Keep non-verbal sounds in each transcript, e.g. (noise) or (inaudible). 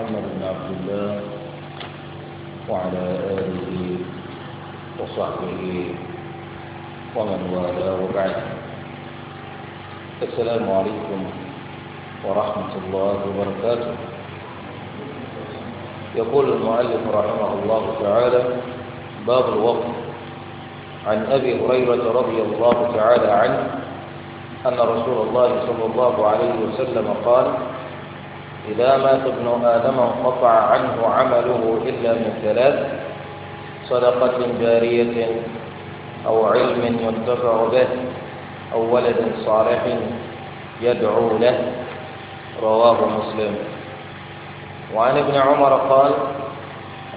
محمد بن عبد الله وعلى آله وصحبه ومن والاه وبعد السلام عليكم ورحمة الله وبركاته يقول المؤلف رحمه الله تعالى باب الوقت عن أبي هريرة رضي الله تعالى عنه أن رسول الله صلى الله عليه وسلم قال إذا مات ابن آدم انقطع عنه عمله إلا من ثلاث صدقة جارية أو علم ينتفع به أو ولد صالح يدعو له رواه مسلم وعن ابن عمر قال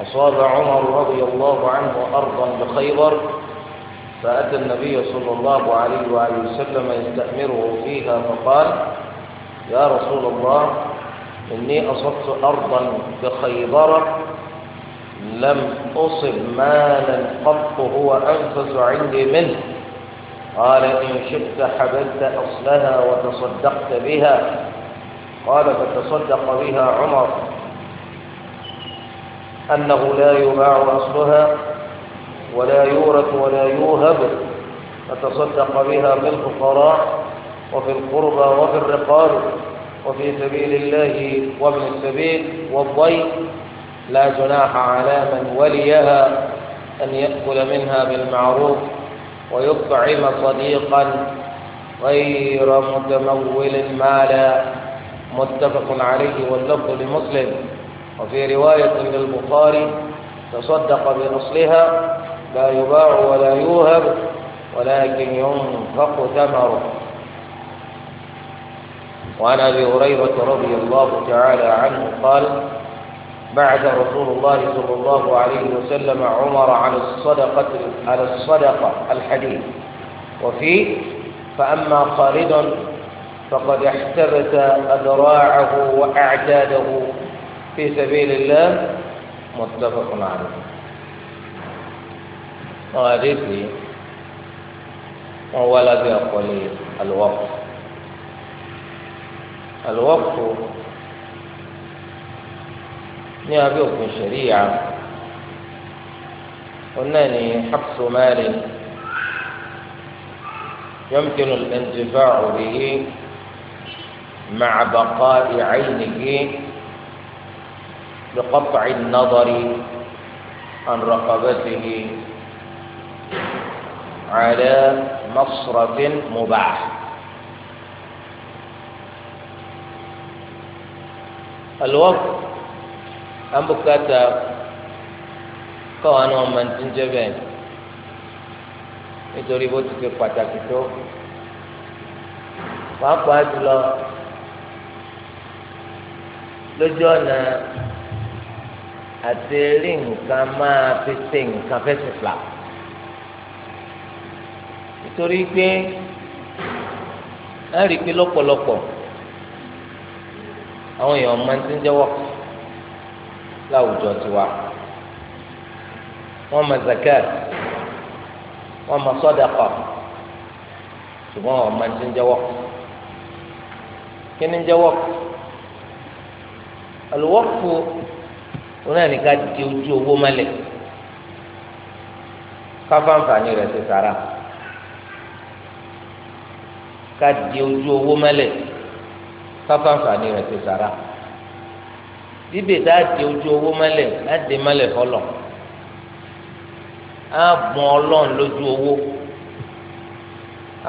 أصاب عمر رضي الله عنه أرضا بخيبر فأتى النبي صلى الله عليه وآله وسلم يستأمره فيها فقال يا رسول الله إني أصبت أرضا بخيبرة لم أصب مالا قط هو أنفس عندي منه قال إن شئت حبلت أصلها وتصدقت بها قال فتصدق بها عمر أنه لا يباع أصلها ولا يورث ولا يوهب فتصدق بها بالفقراء وفي القربى وفي الرقاب وفي سبيل الله وابن السبيل والضيف لا جناح على من وليها أن يأكل منها بالمعروف ويطعم صديقا غير متمول مالا متفق عليه واللفظ لمسلم وفي رواية للبخاري تصدق بأصلها لا يباع ولا يوهب ولكن ينفق ثمره وعن أبي هريرة رضي الله تعالى عنه قال بعث رسول الله صلى الله عليه وسلم عمر على الصدقة على الصدقة الحديث وفيه فأما خالد فقد احتبس أذراعه وأعداده في سبيل الله متفق عليه وهذه ولا بأقوال الوقت الوقف ní abẹ́ òfin ṣẹ̀ríyà òun náà يمكن الانتفاع به مع بقاء عينه بقطع النظر عن رقبته على مصرف مباح alwaqf àbùkátà káwọn àwọn ọmọ ti ń jẹ bẹ́ẹ̀ nítorí bó ti ṣe pàtàkì tó pàápàá jùlọ lójú ọ̀nà àti rí nǹkan máa fi ṣe nǹkan fẹ́sì àwọn èèyàn máa ń ti ń jẹ́wọ́ láwùjọ tiwa wọ́n máa zakat wọ́n máa sọ́dàkọ̀ ṣùgbọ́n wọ́n máa ti ń jẹ́wọ́ kí ni ń jẹ́wọ́ àlùwọ́pù onáà ní ká di ojú owó mọ́lẹ̀ káfáǹfààní rẹ̀ ti sára ká di ojú owó mọ́lẹ̀ káfáǹfààní rẹ̀ ti sàrà bíbè tá a di ojú owó mọ́lẹ̀ láti mọ́lẹ̀ fọlọ̀ á bùn ọlọ́run lójú owó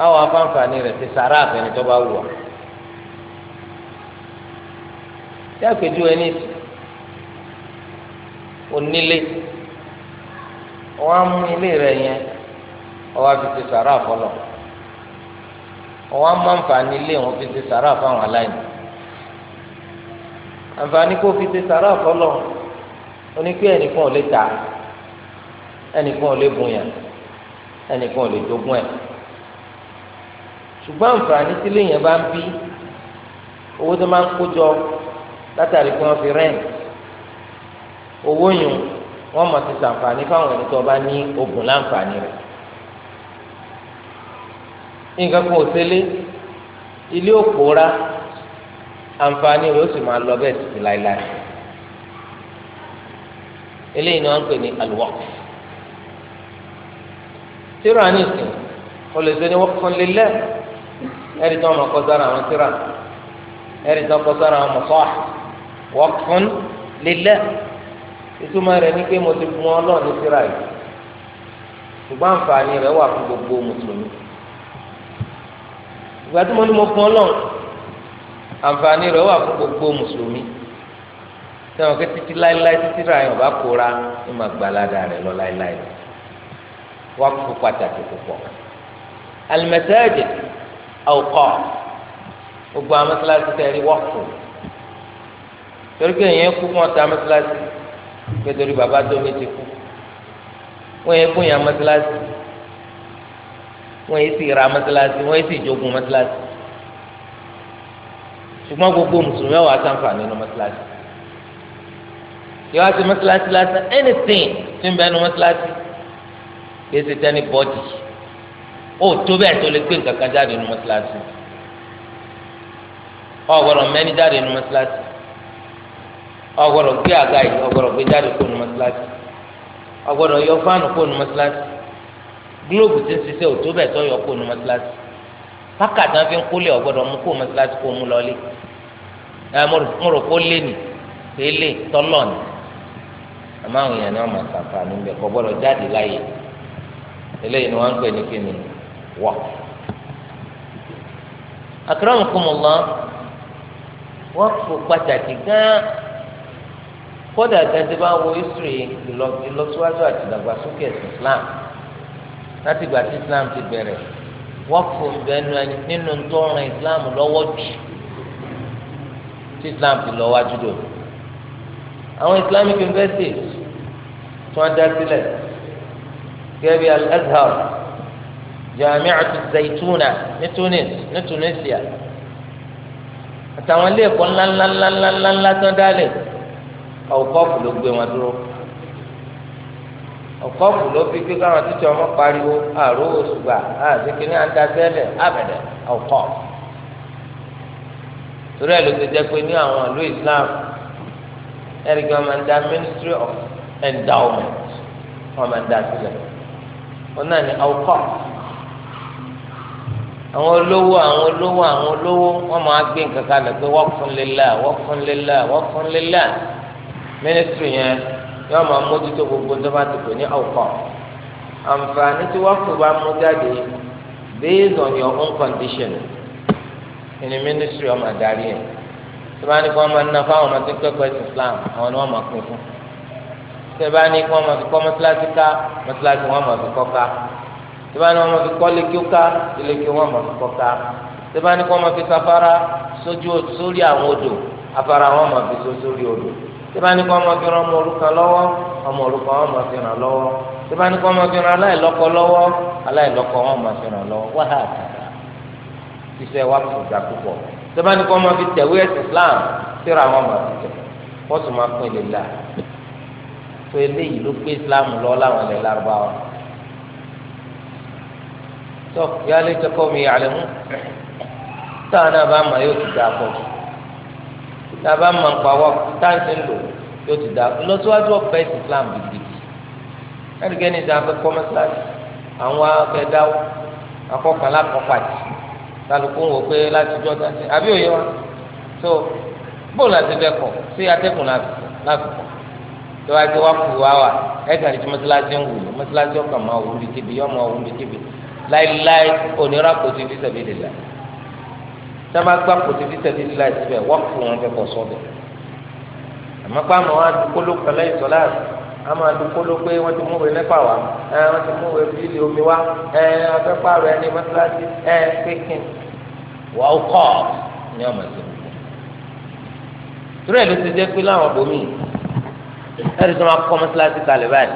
àwọn afáǹfààní rẹ̀ ti sàrà àfẹnì tó bá wù ọ́ tí àpèjú ẹni onílé wọ́n á mú ilé rẹ̀ yẹn ọwọ́ àfi ti sàrà fọlọ̀ wọ́n á mú àǹfààní ilé wọn fi ti sàrà fáwọn aláìní àǹfààní kó fi ṣe sàrà fọlọ onípẹ ẹnìkan ò lè tà ẹnìkan ò lè bùnyà ẹnìkan ò lè jogún ẹ ṣùgbọ́n àǹfààní tí lèèyàn bá ń bí owó tó máa ń kó jọ látàrí pé wọ́n fi rẹ́ǹt owó yùn wọ́n mọ̀ ti ṣàǹfààní fáwọn ẹni tó bá ní ogun láǹfààní rẹ̀ nǹkan kan ò ṣẹlẹ̀ ilé òpòra àǹfààní rẹ̀ ó sì máa lọ bẹ́ẹ̀ títí láéláé eléyìí ni wọ́n ń pè ní al-waqf tíra ní ìsìn o lè sọ ní waqfun lillah ẹ̀rí tí wọ́n máa kọ́ sára àwọn tíra ẹ̀rí tí wọ́n kọ́ sára àwọn mọ̀sọ́à waqfun lillah ìtumọ̀ rẹ̀ ní pé mo ti fún ọ náà ní tíra yìí ṣùgbọ́n àǹfààní rẹ̀ wà fún gbogbo mùsùlùmí ìgbà tí mo ní mo fún ọ náà àǹfààní rẹ̀ wà fún gbogbo mùsùlùmí sẹ́wọ̀n kí títí láéláé títí rà yàn bá kóra ní ma gbalada rẹ̀ lọ láéláé wà fún pàtàkì púpọ̀ alimẹtẹ́ẹ̀dì ọ̀kọ́ gbogbo amẹ́sàlásì tẹ̀lé wọ́pù torí pé èèyàn kú fún ọ̀tá amẹ́sàlásì pé torí bàbá tó mi ti kú wọ́n yẹ fún yàn amẹ́sàlásì wọ́n yẹ sì ra amẹ́sàlásì wọ́n yẹ sì jogun amẹ́sàlásì ṣùgbọ́n gbogbo mùsùlùmí ọ̀wà sáǹfà nínú mọ́sálásí yọ̀wá sí mọ́sálásí lásán anything tí ń bẹ nínú mọ́sálásí kì í ṣe tẹ́ ní bọ́dì ó tó bẹ́ẹ̀ tó lè gbé nǹkan kan jáde nínú mọ́sálásí ọ̀ gbọ́dọ̀ mẹ́ni jáde nínú mọ́sálásí ọ̀ gbọ́dọ̀ gbé àga yìí ọ̀ gbọ́dọ̀ gbé jáde kó nínú mọ́sálásí ọ̀ yọ fáànù kó nínú mọ́sálásí gílóòbù ti ń ṣiṣẹ́ ò tó bẹ́ẹ̀ tó yọ kó nínú mọ́sálásí pákàtí wọn fi ń kólé ọgbọ́dọ̀ mú kó mọ́sálásí kó mú lọlé ẹ mo rò kó lé tọlọ àwọn èèyàn ni wọn máa jáde láàyè eléyìí ni wọn ń pè ní kíni wọ. akramakumullah wọn kò pàtàkì gan kódà gẹ́gẹ́ bá ìlọsíwájú àti ìdàgbàsókè Islam láti tí Islam ti bẹ̀rẹ̀. wọ́pọ̀ ìbẹ́nu ẹni nínú tó ń ran islam lọ́wọ́ jù tí islam ti lọ́wọ́ àjùdò àwọn islamic universities tí wọ́n dá sílẹ̀ gẹ́gẹ́ bí al-azhar jami'atu zaituna ní tunis ní tunisia àtàwọn ilé ẹ̀kọ́ ńláńláńláńláńlá tán dálẹ̀ ọ̀kọ́ọ̀fù ló gbé wọn dúró ọ̀kọ́ kù ló fi pé káwọn títí ọmọ pariwo àrò òṣùgbà àdékin ní àdásẹ́lẹ̀ àbẹ̀dẹ̀ ọ̀kọ́. torí ẹ̀ ló ti jẹ́ pé ní àwọn ìlú Islam ẹ̀rìkì wọn máa ministry of endowment wọn máa ń da sílẹ̀ wọn náà ní ọ̀kọ́. àwọn olówó àwọn olówó àwọn olówó wọn máa gbé nǹkan kalẹ̀ pé wọ́n fún lélà wọ́n fún lélà wọ́n fún lélà ministry yẹn yóò máa mójútó gbogbo tó bá ti pè ní ọkọ àǹfààní tí wọn kò bá mú jáde based on your own condition in the ministry ọmọ àdarí ẹ tí wọn ní kí wọn máa ná fáwọn ọmọ tó kẹ́kọ̀ọ́ ẹsìn Islam àwọn ni wọn máa pín fún tí wọn ní kí wọn máa fi kọ́ mọ́tíláṣí ká mọ́tíláṣí wọn máa fi kọ́ ká tí wọn ní wọn máa fi kọ́ lékiú ká lékiú wọn máa fi kọ́ ká tí wọn ní kí wọn máa fi sáfárá sójú sórí àwọn odò afárá wọn máa fi sórí odò tí bá ní kó ọmọ fi ran ọmọ òrukàn lọ́wọ́ ọmọ òrukàn ọmọ fi ràn lọ́wọ́ tí bá ní kó ọmọ fi ran aláìlọ́kọ lọ́wọ́ aláìlọ́kọ ọmọ fi ràn lọ́wọ́ wáhà àtàkà iṣẹ́ wa kò gbà púpọ̀ tí bá ní kó ọmọ fi tẹ̀wé Islam síra àwọn ọmọ fi tẹ̀ wọ́n sì máa pín ìlera tó eléyìí ló gbé Islam lọ láwọn ilẹ̀ lárúbáwá tó yálé tẹkọ́ mi yàlẹ́ mú táwọn náà bá mọ̀ yóò ti dà pọ̀ jù tàbá mọ̀ nípa wọ́ọ̀kù táǹsì ń lò yóò ti dà lọ́síwájú ọ̀pẹ ìsìlámù gidigidi ẹnikẹ́ni ìdá afẹ́ kọ́mẹ́sàlì àwọn akẹ́dáwó akọ́kànlá kọ́pàtì kálukú wò pé láti jọ́ dáńtì àbí òye wa tó bóòlù àti bẹ́ẹ̀ kọ̀ sí atẹ́kùn láti kọ̀ tó wá ti wá kù wá wà ẹ̀ka ní ti mọ́sálásí ń wù lọ ọkàn máa wù lùkébì yọ máa wù lùkébì láéláé onírà kò ti fi sẹ̀bi tí a máa gbá kòtò títẹ̀ ní ilé láti bẹ̀ wọ́n fún wọn kẹ́kọ̀ọ́ sọ́dọ̀ àmọ́ pé àwọn adúgbò kan lẹ́yìn sọ́lá àmọ́ adúgbò ló pé wọ́n ti mú wẹ̀ lẹ́pà wá ẹ wọ́n ti mú wẹ̀ bílí omi wá ẹ afẹ́fẹ́ àrò ẹni mọ́tíláṣí ẹ pékin wà ó kọ́ ní ọmọ ẹ̀sìn gbogbo. torí ló ti jẹ́ pé láwọn bòmí ẹ̀rí tó máa kọ́ mọ́tíláṣí kalẹ̀ báyìí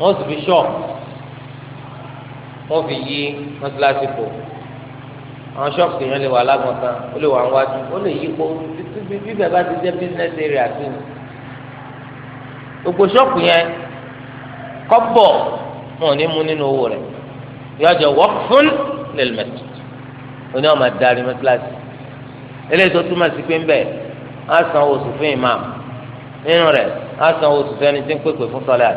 wọ́n sì fi ṣọ́ọ̀ àwọn ṣọ́ọ̀bù yẹn lè wà lágbọ̀n kan ó lè wà ń wájú ó lè yípo bíbẹ̀ bá ti jẹ́ business area sí ni gbogbo ṣọ́ọ̀bù yẹn kọ́bọ̀ wọn ò ní mú nínú owó rẹ̀ yọjọ waqfun lil masjid oní ọmọ adarí mẹtíláṣí eléyìí tó túmọ̀ sí pé ń bẹ̀ á san oṣù fún imam nínú rẹ̀ á san oṣù fẹ́ni tí ń pèpè fún sọ́lá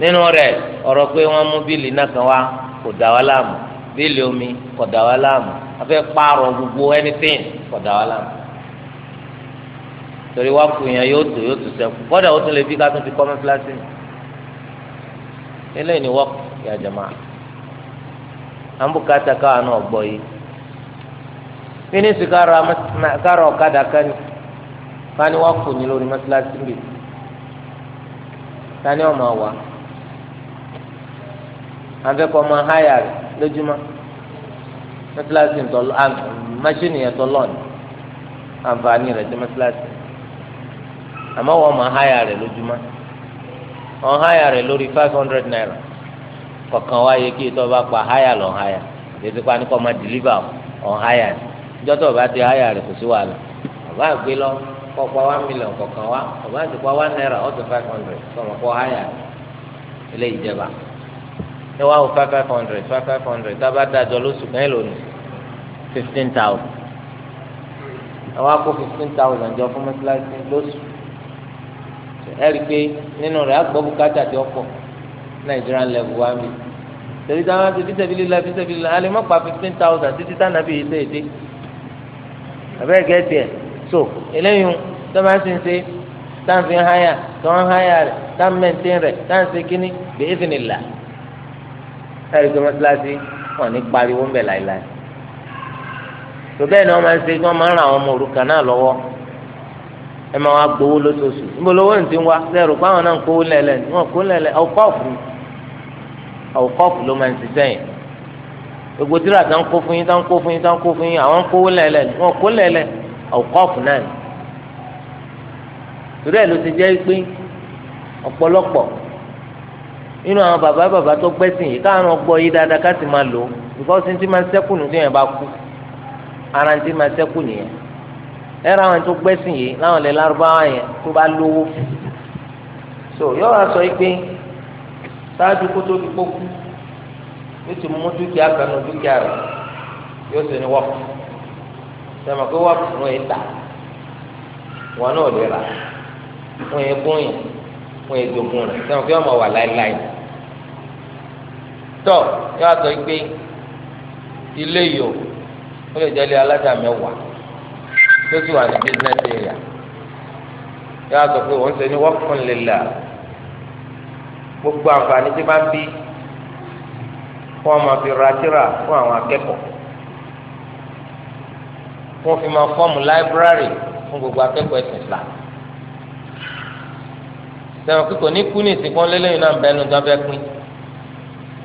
nínú rẹ̀ ọ̀rọ̀ pé wọ́n mú bíìlì náà kan wá kò dá wa láàmú bíìlì omi kọ̀dà wa láàmú afẹ́ pààrọ̀ gbogbo anything kọ̀dà wa láàmú torí wá kù yẹn yóò tó yóò tó sẹ́kù kọ́dà ó tún lè fi ká tún fi kọ́ mẹ́fíláṣí eléyìí ni wọ́ọ̀kì ya jama àmbùkátà káwa náà gbọ́ yìí fínísì kára ọ̀kadà kání kání wá kù ní lórí mẹ́fíláṣí bì tani ọmọ wa afẹ́ kọ́ máa háyà rẹ̀. lójúmọ́ mẹsàlásì ntọ́lọ́ máṣíìnì yẹn tọ́lọ́ ni àǹfààní rẹ̀ jẹ́ mẹsàlásì àmọ́ wọ́n máa háyà rẹ̀ lójúmọ́ háyà rẹ̀ lórí five hundred naira kọ̀ọ̀kan wáyé kí ètò ọba pa háyà lọ́n háyà ètò ìpa ní kọ́ máa ni tó ọba ti háyà rẹ̀ kò sí wàhálà ọba àgbé lọ kọ́ one ọba àti pa one naira ọ̀tún five hundred kọ́ máa ẹ wá wò five five hundred five five hundred tá a bá dájọ lóṣù kan ẹ lò ní fifteen thousand ẹ wá kó fifteen thousand jọ fún mọ́tíláṣí lóṣù ẹ rí i pé nínú rẹ̀ àgbọ̀ bùkátà tí ó pọ̀ Nigerian level wa mi tẹ̀lé tí a máa fi fisẹ̀bílì la fisẹ̀bílì la alẹ́ mọ́pa fifteen thousand títí tánà bí yìí sèé dé abẹ́rẹ́ gẹ̀ẹ́tì ẹ̀ so eléyìí tó máa ń sin ṣe tá à ń fi háyà tó ń háyà rẹ̀ tá à ń mẹ́ntẹ́n rẹ̀ tá à ń ṣe kínní bẹ́ẹ̀ fi nìlá ẹ̀rí pé mọ́sálásí wọn ní pariwo ń bẹ̀ láìláì tó bẹ́ẹ̀ ni wọ́n máa ń ṣe kí wọ́n máa ń ran àwọn ọmọ òrukàn náà lọ́wọ́ ẹ máa wá gbowó lóṣooṣù níbo lówó ń ti wá sẹ́rù pé àwọn náà ń kówó lẹ́lẹ̀ wọn kó lẹ́lẹ̀ ọ̀kọ́ọ̀fù ọ̀kọ́ọ̀fù ló máa ń ṣiṣẹ́ yẹn gbogbo tíra tá ń kó fún yín tá ń kó fún yín tá kó fún yín àwọn ń kówó lẹ́lẹ̀ wọn kó lẹ́lẹ̀ ọ̀kọ́ọ̀fù náà torí ẹ̀ ló ti jẹ́ pé ọ̀pọ̀lọpọ̀ nínú àwọn bàbá bàbá tó gbẹ́sìn yìí káwọn ọgbọ́ yìí dáadáa ká sì máa lò ó because ntí máa ń sẹ́kù nù tí yẹn bá kú ara ntí máa ń sẹ́kù nìyẹn ẹ̀rọ àwọn tó gbẹ́sìn yìí láwọn ilẹ̀ lárúbáwá yẹn tó bá lówó so yóò wá sọ pé sáájú kó tó di kpókú yóò ti mú dúkìá kan nù dúkìá rẹ yóò sì ní wọ́pù sẹ́mi pé wọ́pù fún yẹn ta wọn náà lè rà fún yẹn gún fún yẹn dogun rẹ sẹ́mi pé wọ́n máa wà láéláé tọ́ yóò sọ pé ilé yìí o ó lè jẹ́lé alájà mẹ́wàá tó sì wà ní business area yóò sọ pé òun ṣe ní work fún lélẹ̀ gbogbo àǹfààní tí máa ń bí kó ọmọ fi ra tíra fún àwọn akẹ́kọ̀ọ́ kó fi máa fọ́ọ̀mù láìbírárì fún gbogbo akẹ́kọ̀ọ́ ẹ̀sìn Islam sẹ́wọ̀n kíkọ́ ní kúnìtì kan lélẹ́yìn náà bẹ́ẹ̀ nu dábẹ́ pín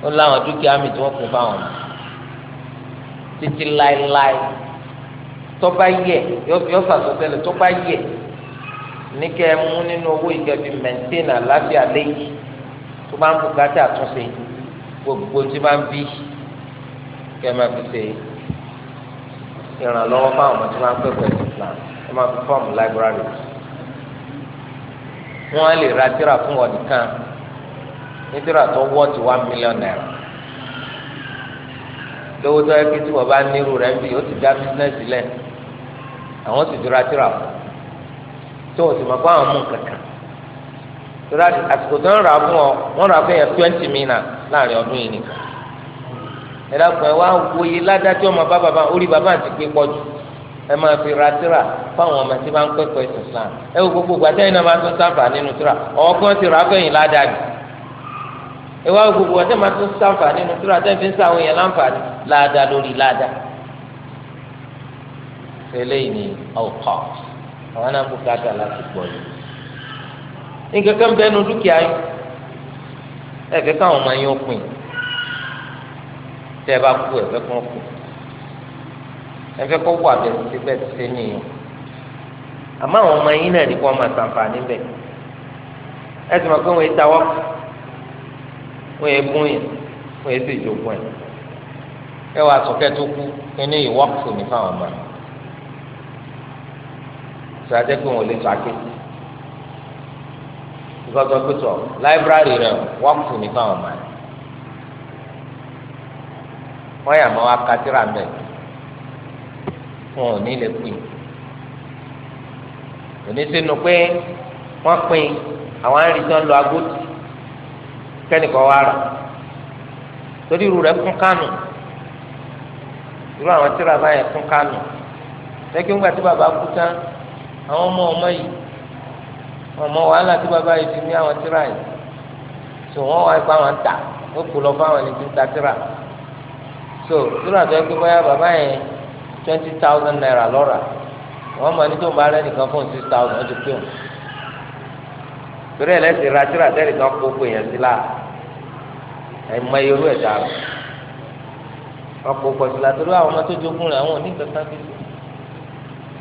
ó láwọn dúkìá mi tí wọ́n kó fáwọn ọmọ títí láéláé tọ́ba yẹ yọ fàṣọsẹ́lẹ̀ tọ́ba yẹ ní kẹ́ ẹ mú nínú owó ìjẹbi mẹ́ntẹ́n àlàáfíà lẹ́yìn tó bá ń bùkátà àtúnṣe gbogbo tí bá ń bí kẹ́ ẹ máa fi ṣe ìrànlọ́wọ́ fáwọn ọmọ tí wọ́n á pẹ́pẹ́ Islam ẹ máa fi fọ́ọ̀mù láìbírárì wọ́n á lè ra tíra fún ọ̀dì kan. nítorí àtọ́ wọ́ọ̀tì one million naira lówó tó yẹ kí tí wọ́n bá nírú rẹ̀ ń bì ó ti dá bísínẹ́sì lẹ̀ àwọn sì dúró àtìrà fún tó o sì mọ̀ pé àwọn mú kankan àsìkò rà fún ọ wọ́n rà fún yẹn twenty million láàrin ọdún yìí nìkan ẹ dákun ẹ wá ládájọ́ ọmọ bá bàbá orí bàbá àti pé ẹ máa fi ra tí gbogbo náà máa tún sáfà nínú tíra ti rà ìwà gbogbo ọtí máa tún sàǹfààní nínú tóra tẹ́ fi ń sa àwọn èèyàn láǹfààní láàdá lórí láàdá. eléyìí ni ọkọ àwọn náà kó káàkiri láti pọ̀ yìí. nǹkan kan bẹ́ẹ̀ nu dúkìá yín ẹ̀kẹ́ káwọn ọmọ yín ó pin tẹ́ ẹ bá kú ẹ̀fẹ́ kan kù ẹ̀fẹ́ kọ́ wà bẹ́ẹ̀ ti bẹ́ẹ̀ ti ṣe nìyẹn. àmọ́ àwọn ọmọ yín náà ní kó wọ́n sàǹfààní bẹ́ẹ̀ ẹ̀ sì mọ̀ pé wọ́n ti ta wọ́pọ̀ wọn yẹ gún yẹn wọn yẹ sì jogún ẹ ẹ wàá sọ kẹtù kú kíní ìwọ́pù ní fáwọn ọmọ sọ adé pé wọn ò lè sọ aké ìkọsọ pé tọ láìbírárì rẹ wọ́pù ní fáwọn ọmọ wọn yà máa wá katira mẹ wọn ò ní lè pín òní sínú pé wọn pín àwọn arìnrìn tó ń lọ agódì kẹ́nìkan wá rà torí irú rẹ̀ kún kánù irú àwọn tíra báyẹn kún kánù lẹ́kìn ńgbà tí bàbá kú tán àwọn ọmọ ọmọ yìí ọmọ wàhálà tí bàbá yìí ti ní àwọn tíra yìí tó wọ́n wá ipa wọn ta ó kú lọ fáwọn ẹni tí ń ta tíra so tíra tó yẹ kó báyà bàbá yẹn twenty thousand naira lọ́ra wọ́n mọ̀ ní tó ń bá nìkan fún six thousand ó ti pé wọn torí ẹ̀ lẹ́sìn ra tíra tẹ́lẹ̀ kan kó pé yẹn sí láà ẹ̀mọ irú ẹ̀ dára ọkọ̀ pọ̀jù látọ̀rọ̀ àwọn ọmọ tó jogún rẹ̀ àwọn oníkankan fi sùn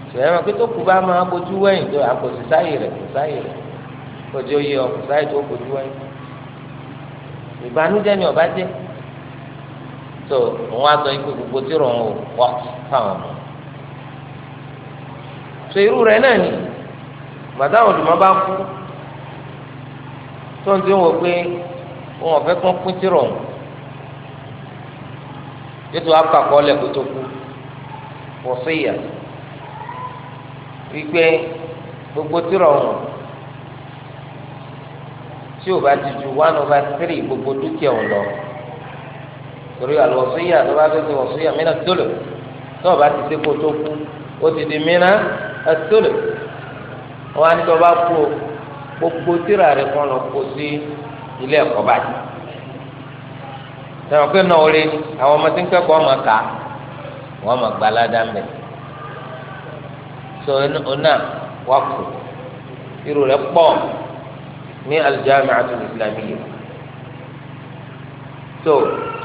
sọ̀rọ̀ ẹ̀mọ pé tó kù bá máa bójú wẹ̀yìn tó àkòsí sáyè rẹ̀ kò sáyè rẹ̀ kòtí ó yẹ ọkọ̀ sáyè tó bójú wẹ̀yìn ìbànújẹ́ ni ọba jẹ́ tó wọn á sọ ikú gbogbo tí rọ̀ wọn wọ́ fáwọn ọmọ so irú rẹ̀ náà ni màtáwọn olùmọ́ bá kú tó ń ti wọ pé wọn ọ̀fẹ́ kún pín tìrọ̀ ọ̀hún yóò akpàkọ́ lẹ̀ kó tó kú wọ́n sí wípé gbogbo tìrọ̀ ọ̀hún tí o bá ti ju one over three gbogbo dúkìá ọ̀hún lọ torí àlùwọ̀síyà tó bá fẹ́ ṣe wọ̀síyà mí náà tólò tó o bá ti ṣe kó tó kú o ti di mí náà tólò wọn á ní tó o bá kú o gbogbo tìrọ̀ rẹ̀ kan lọ kó sí ilé ẹ̀kọ́ báyìí sọ pé náà orí àwọn ọmọ tí ń kẹ́kọ̀ọ́ ọmọ kà á wọ́n mọ̀ gbalada mẹ́ so ọ̀nà wákò irú rẹ̀ pọ̀ ní al-Jami'atul Islamiyyah so tó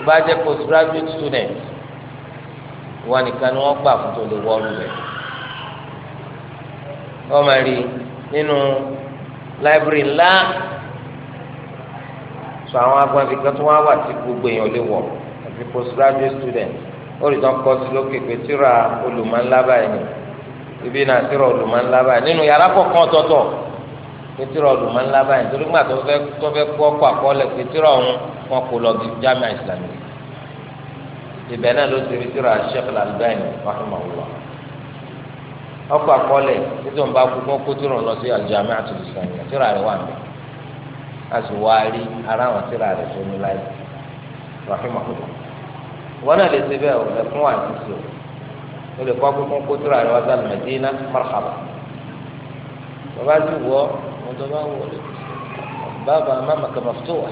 bá jẹ́ postgraduate student wọn nìkan ni wọ́n gbà fún tó lè wọ́ọ́rù rẹ̀ wọ́n máa rí nínú library ńlá sọ àwọn agbábi kan tó wá wà tí gbogbo èèyàn lè wọ̀ àti postgraduate student ó lè tán kọ́ sí lókè pé tíra olùmọ̀ńlá báyìí ibi náà tíra olùmọ̀ńlá báyìí nínú yàrá kọ̀ọ̀kan ọ̀tọ̀ọ̀tọ̀ pé tíra olùmọ̀ńlá báyìí torí gbà tó fẹ́ tó fẹ́ kọ́ ọkọ̀ àkọọ́lẹ̀ pé tíra ọ̀hún wọn kò lọ bí jamiu islamic ibẹ̀ náà ló ti rí tíra sheikh al-Albani ọkọ̀ àkọọ́lẹ̀ títún bá kú kó tíra lọ sí a sì wá rí ara àwọn tíra rẹ̀ tó ní láyé rahima ọ̀gbọ̀n wọn náà lè ṣe bẹ́ẹ̀ ọ̀rẹ́ fún wa àti sí o ó lè kọ́ akókó kó tíra rẹ̀ wá sí Al-Madina marhaba bàbá sì wọ́ wọn tó bá wọlé bàbá mama kà maftuha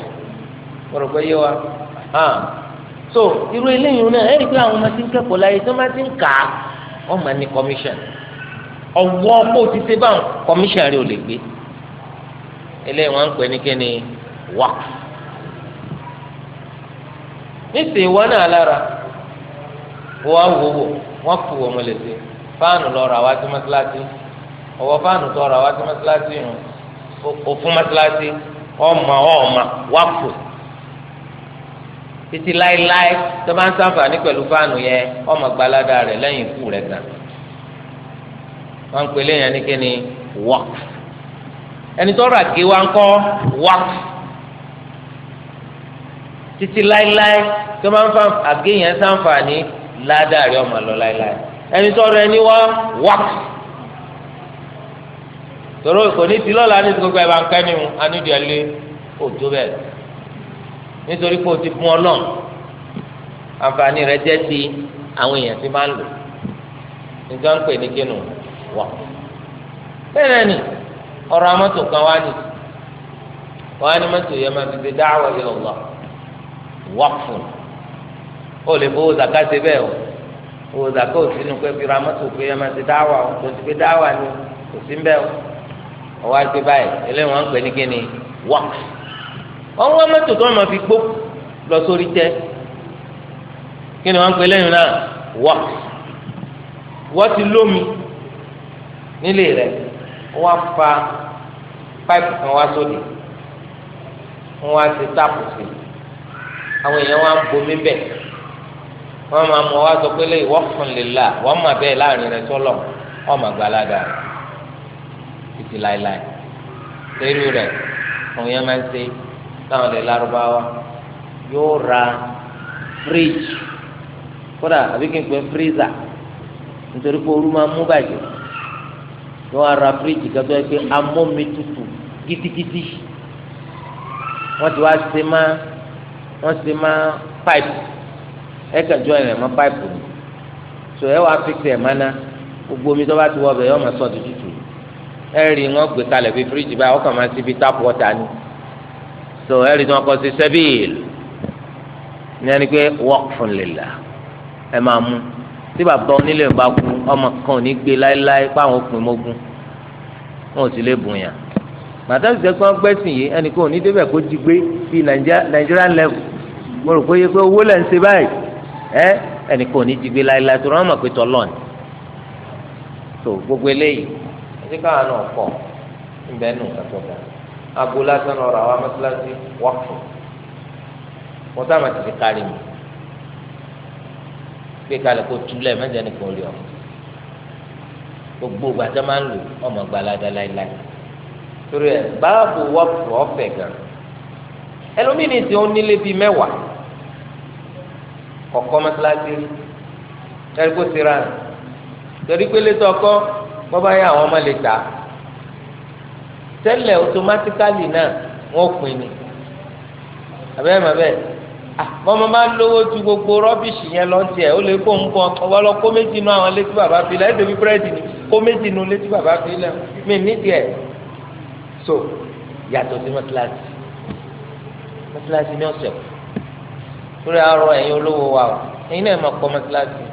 wọ́n rò pé yé wa hàn so irú eléyìí náà ẹ̀rí pé àwọn ọmọ ti ń kẹ́kọ̀ọ́ láyé tó máa ti ń kà á wọ́n máa ní commission ọ̀wọ́ kó o ti ṣe báwọn commission rẹ̀ ò lè gbé. ele wọ́n enike pè ní kíni waqf nísìnyí wọ́n náà lára wọ́n wò wò kú wọ́n lè ṣe fáànù lọ rà wá sí mọ́sálásí fáànù tó rà wá sí mọ́sálásí yìí òfún mọ́sálásí ọmọ ọmọ títí láéláé tó bá ń pẹ̀lú fáànù yẹn ọmọ gbalada rẹ̀ lẹ́yìn ikú rẹ̀ gan wọ́n pè léyìn ẹni kíni ẹni tó rà ké wa ń kọ́ wá títí láéláé tó máa ń fa àgéyàn sáǹfààní ládàrí ọmọ lọ láéláé ẹni tó rẹ ní wá wá tòró kò ní tìlọ́la ní gbogbo ẹ̀ bá ń kẹ́ni mu anídìẹ́lé òtó bẹ́ẹ̀ nítorí pé o ti fún ọ náà àǹfààní rẹ jẹ́ ti àwọn èèyàn ti máa ń lò nígbà ń pè ní kínú wà bẹ́ẹ̀ náà nìyí ọ̀rọ̀ amọ́tò kan wá ní wọ́n á ní mọ́tò yẹn máa fi ṣe dáhùn ilé ọ̀lá wọ́ọ̀fù ó lè fowó zaka ṣe bẹ́ẹ̀ o fowó zaka ò sínú pé fi ra mọ́tò pé yẹn máa ṣe dáhùn àwọn tó ti fi dáhùn àní kò sí bẹ́ẹ̀ o ọwọ́ àti báyìí eléyìí wọ́n ń pè ní kíni wọ́ọ̀fù wọ́n wá mọ́tò tó máa fi gbó lọ sórí tẹ́ kíni wọ́n ń pè lẹ́yìn náà wọ́ọ̀fù wọ́n ti lómi nílé rẹ̀ wọ́n fa páìpù kan wá sóde wọn wá ti táàpù sí àwọn èèyàn wá ń bomi bẹ wọn máa mọ wá sọ pé lẹ́yìn wọkùn lélà wọn mà bẹ́ẹ̀ láàrin rẹ sọlọ wọn mà gbalada títí láéláé lẹ́rù rẹ àwọn èèyàn máa ń ṣe táwọn ilẹ̀ lárúbáwá yóò ra fíríjì kódà àbí kí n pè fírízà nítorí pé ooru máa mú bàjẹ́ wọn ra fíríjì kátó ẹ pé amómi tútù gidigidi wọ́n ti wá ṣe má wọ́n ṣe má pipe ẹ kàn jọ ẹ̀rẹ̀ mọ́ pipe ni so ẹ wàá fix ẹ̀ mánà gbogbo omi tó bá ti wọ ọbẹ̀ yọ ọmọ sọ́ọ̀tù tútù ẹ rí wọ́n gbé kalẹ̀ fi fíríjì báyìí ọkàn máa ti fi tap water ni so ẹ rí tí wọ́n kọ́ sí sẹ́bíìlì ní ẹni pé work fún lèlà ẹ máa mú tí bàbá onílé bá kú ọmọ kan ò ní gbé láéláé pé àwọn òpin mọ́gún wọn ò sì lè bùn yàn màtàbí sẹ kí wọn yìí ẹnì kan ò ní level mo rò pé yẹ owó lẹ ń ṣe báyìí ẹ ẹnì kan ò ní jí gbé láéláé tó rán gbogbo eléyìí ẹjẹ káwọn náà kọ níbẹ̀ nù kàtọ́ka agbo lásán ọrọ àwọn amásíláṣí wọ́pù wọ́n sábà ti fi kárí mi pé kalẹ̀ kó túlẹ̀ mẹ́jẹ nìkan gbogbo máa ń lò ọmọ torí ẹ báàbò wọ́pù ọ̀fẹ́ gan ẹlòmíì tí ó nílé bíi mẹ́wàá kọ̀kọ́ mẹ́tíláṣí ẹ̀rí kó sira rẹ̀ torí pé létọ́ ọkọ́ wọ́n bá yá àwọn lè tà tẹ́lẹ̀ automatically náà wọ́n pin ni àbẹ́rẹ́ màbẹ́ bọ́mọ ah, máa ń lówó ju gbogbo rọ́bìṣì yẹn lọ tiẹ̀ ó lè kó nǹkan ọwọ́ lọ kó méjì nu àwọn létí bàbá fi lẹ́ ni kó méjì nu létí bàbá fi lẹ́ mi nídìí ẹ̀ so yàtọ̀ sí mọ́tíláṣí mọ́tíláṣí ní ọ̀sẹ̀ lórí àárọ̀ ẹ̀yin olówó wa o ẹ̀yin náà máa kọ́ mọ́tíláṣí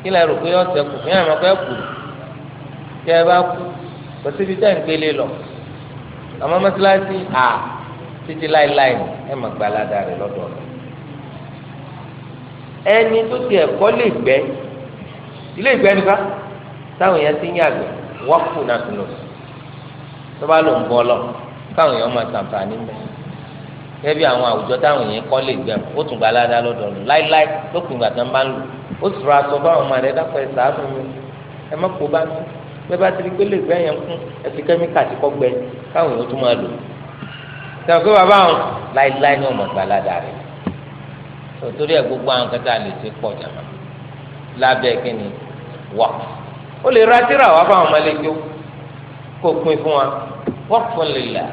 kí lè rò pé ọ̀sẹ̀ kù ẹ̀yin àmọ́ pé kù tẹ́ ẹ bá kù kò síbi tẹ́ ń gbélé lọ àmọ́ mọ́tíláṣí à títí láéláé ni ẹ̀ máa gba aládà rẹ̀ lọ́dọ̀ rẹ̀ ẹni tó ti ẹ̀kọ́ lè gbẹ́ ilé ìgbẹ́ nípa táwọn èèyàn ti ń yàgbẹ́ wọ́pù náà tún lọ sí tó bá lò ń bọ lọ káwọn èèyàn máa tàǹfààní mẹ gẹ́gẹ́ bí àwọn àwùjọ táwọn èèyàn kọ́ lè gbẹ̀m ó tún gba aládá lọ́dọ̀ lò láíláí lópin ìgbà tó ń bá ń lò ó sì rọ aṣọ báwọn ọmọ rẹ dápẹ́ sàánú mi ẹ má kó bá mi bẹ́ẹ̀ bá ti rí pé lè gbẹ́ yẹn kún ẹ fi kẹ́míkà ti kọ́ gbẹ káwọn èèyàn tún máa lò sọ pé bàbá àwọn láíláí ni ọmọ gba aládá rẹ torí ẹ gbogbo àwọn kẹta lè ti pọ̀ jàmá lábẹ́ kí wà ó lè ra tíra wá fáwọn ọmọ kó pin fún wa wọ́n fún lèlà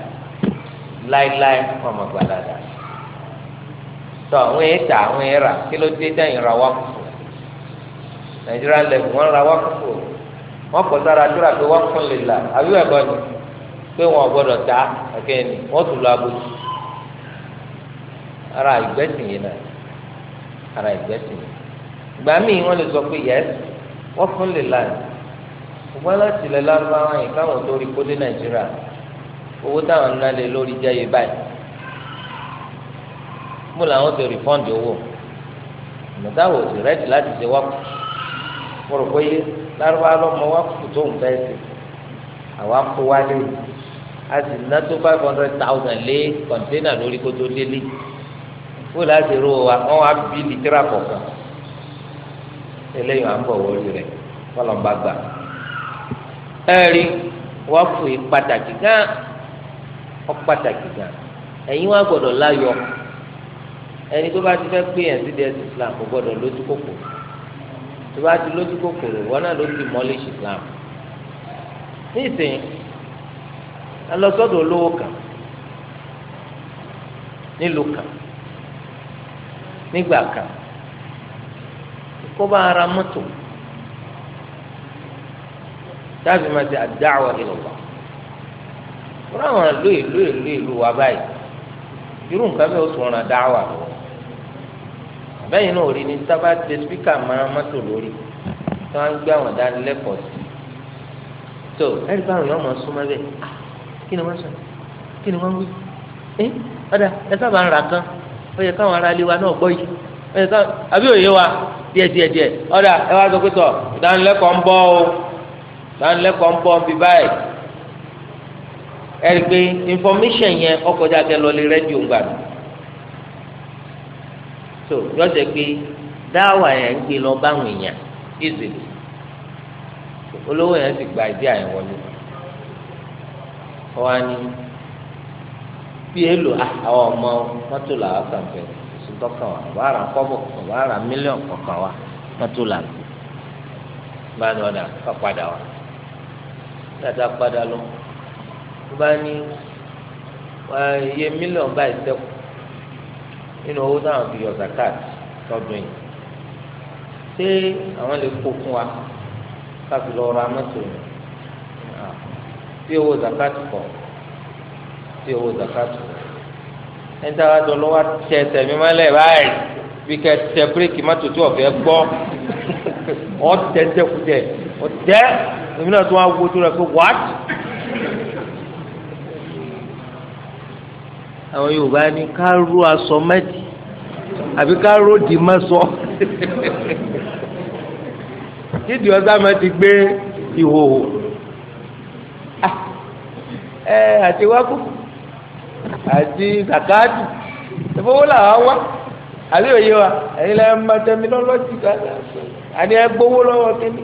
láéláé wọn mọ̀ gbàdàdà tọ àwọn èèyàn ra wákùfù nàìjíríà lẹ́gùn wọn ra wákùfù wọn kọ sára àdúrà pé wọ́n fún lèlà àbí wọ́n pé wọn gbọ́dọ̀ ta wọ́n tún lọ ara ìgbẹ́sìn yìí náà ara ìgbẹ́sìn yìí gbàmí wọn lè sọ ṣùgbọ́n láti ilẹ̀ lárúbáwá yìí káwọn tó rí kó dé nàìjíríà owó táwọn ńlá lé lórí jẹ́yẹ báyìí mú làwọn ti rìfọ́ǹdì owó mọ̀táwò sì rẹ́dì láti ṣe wákù mo rò pé lárúbáwá lọ́mọ wákù tó ń fẹ́ sí àwa kó wálé a sì ná tó five hundred thousand lé kọ̀ńténà lórí kó tó délé fún láti ró wa wọ́n wá bí lítírà kọ̀ọ̀kan eléyìí à ń bọ̀ wọlé rẹ̀ kọ́lọ̀ bá gbà. ẹ̀rí wọ́n fò pàtàkì gan ọ pàtàkì gan ẹ̀yin wọn gbọ́dọ̀ ẹni tó ti fẹ́ pé yẹn sí islam kò gbọ́dọ̀ lójú ti lójú kòkòrò wọn náà ló ti islam nísìnyí alọ́sọ́dọ̀ olówó kan nílùú kan nígbà kan táàbì máa ti àdáwọ̀ nínú wa wọ́n àwọn ìlú ìlú ìlú ìlú wa báyìí irú nǹkan bẹ́ẹ̀ ó tún dáwà lọ bẹ́ẹ̀ náà rí ni sábà tẹ spíkà máa mọ́tò lórí tí wọ́n ń gbé àwọn ìdánilẹ́kọ̀ọ́ sí tó ẹ̀rí báwọn yóò máa súnmọ́ bẹ́ẹ̀ ah, kí ni wọ́n sọ kí ni wọ́n wí ẹ́ ọ̀dà ẹ sábà ń ra kan ó yẹ káwọn wa náà gbọ́ yìí ó yẹ káwọn àbí òye wa díẹ̀ díẹ̀ díẹ̀ ọ̀dà ẹ wá sọ pé tọ̀ ìdánilẹ́kọ̀ọ́ ń lánàlẹ́kọ̀ọ́ ń bọ̀ ń bí báyìí ẹ̀rí pé information yẹn ọkọjá kẹ lọ lé so yọjẹ pé dáwà yẹn ń gbé lọ báwọn èèyàn easily olówó yẹn sì gba ìdí wọlé wọn ní bí èlò ah, àwọn ọmọ mọ́tò làwọn kàn fẹ́ ìsúntọ́ kan wà wàá rà kọ́bọ̀ kan mílíọ̀nù wà mọ́tò làwọn bá tata padà lọ tó bá ní iye mílíọ̀nù báyìí sẹ́kù nínú owó táwọn fi yọ zakat lọ́dún yìí ṣé àwọn lè kó fún wa káfí lọ ra mọ́tò yìí tí owó zakat kọ tí owó zakat kọ ẹni tí a wá dọ̀lọ́ wá tẹ tẹ̀mí mọ́lẹ̀ báyìí bí kẹ tẹ bíréèkì mọ́tò tí ọ̀fẹ́ gbọ́ (laughs) ọ̀ tẹ tẹkùtẹ ọ̀ tẹ èmi náà tún wá wojú rẹ̀ pé what. àwọn Yorùbá ní ká ró aṣọ mẹ́tì àbí ká ró dì mẹ́sọ kídìí ọ̀sá máa ti gbé ìhòòhò ah, ẹ àti wákò àti zakadu ìfowó làwọn wá àbí òye wa ẹ̀yin lẹ́yìn máa tẹ̀mí lọ́lọ́sì kan àti ẹgbówó lọ́wọ́ kẹ́mi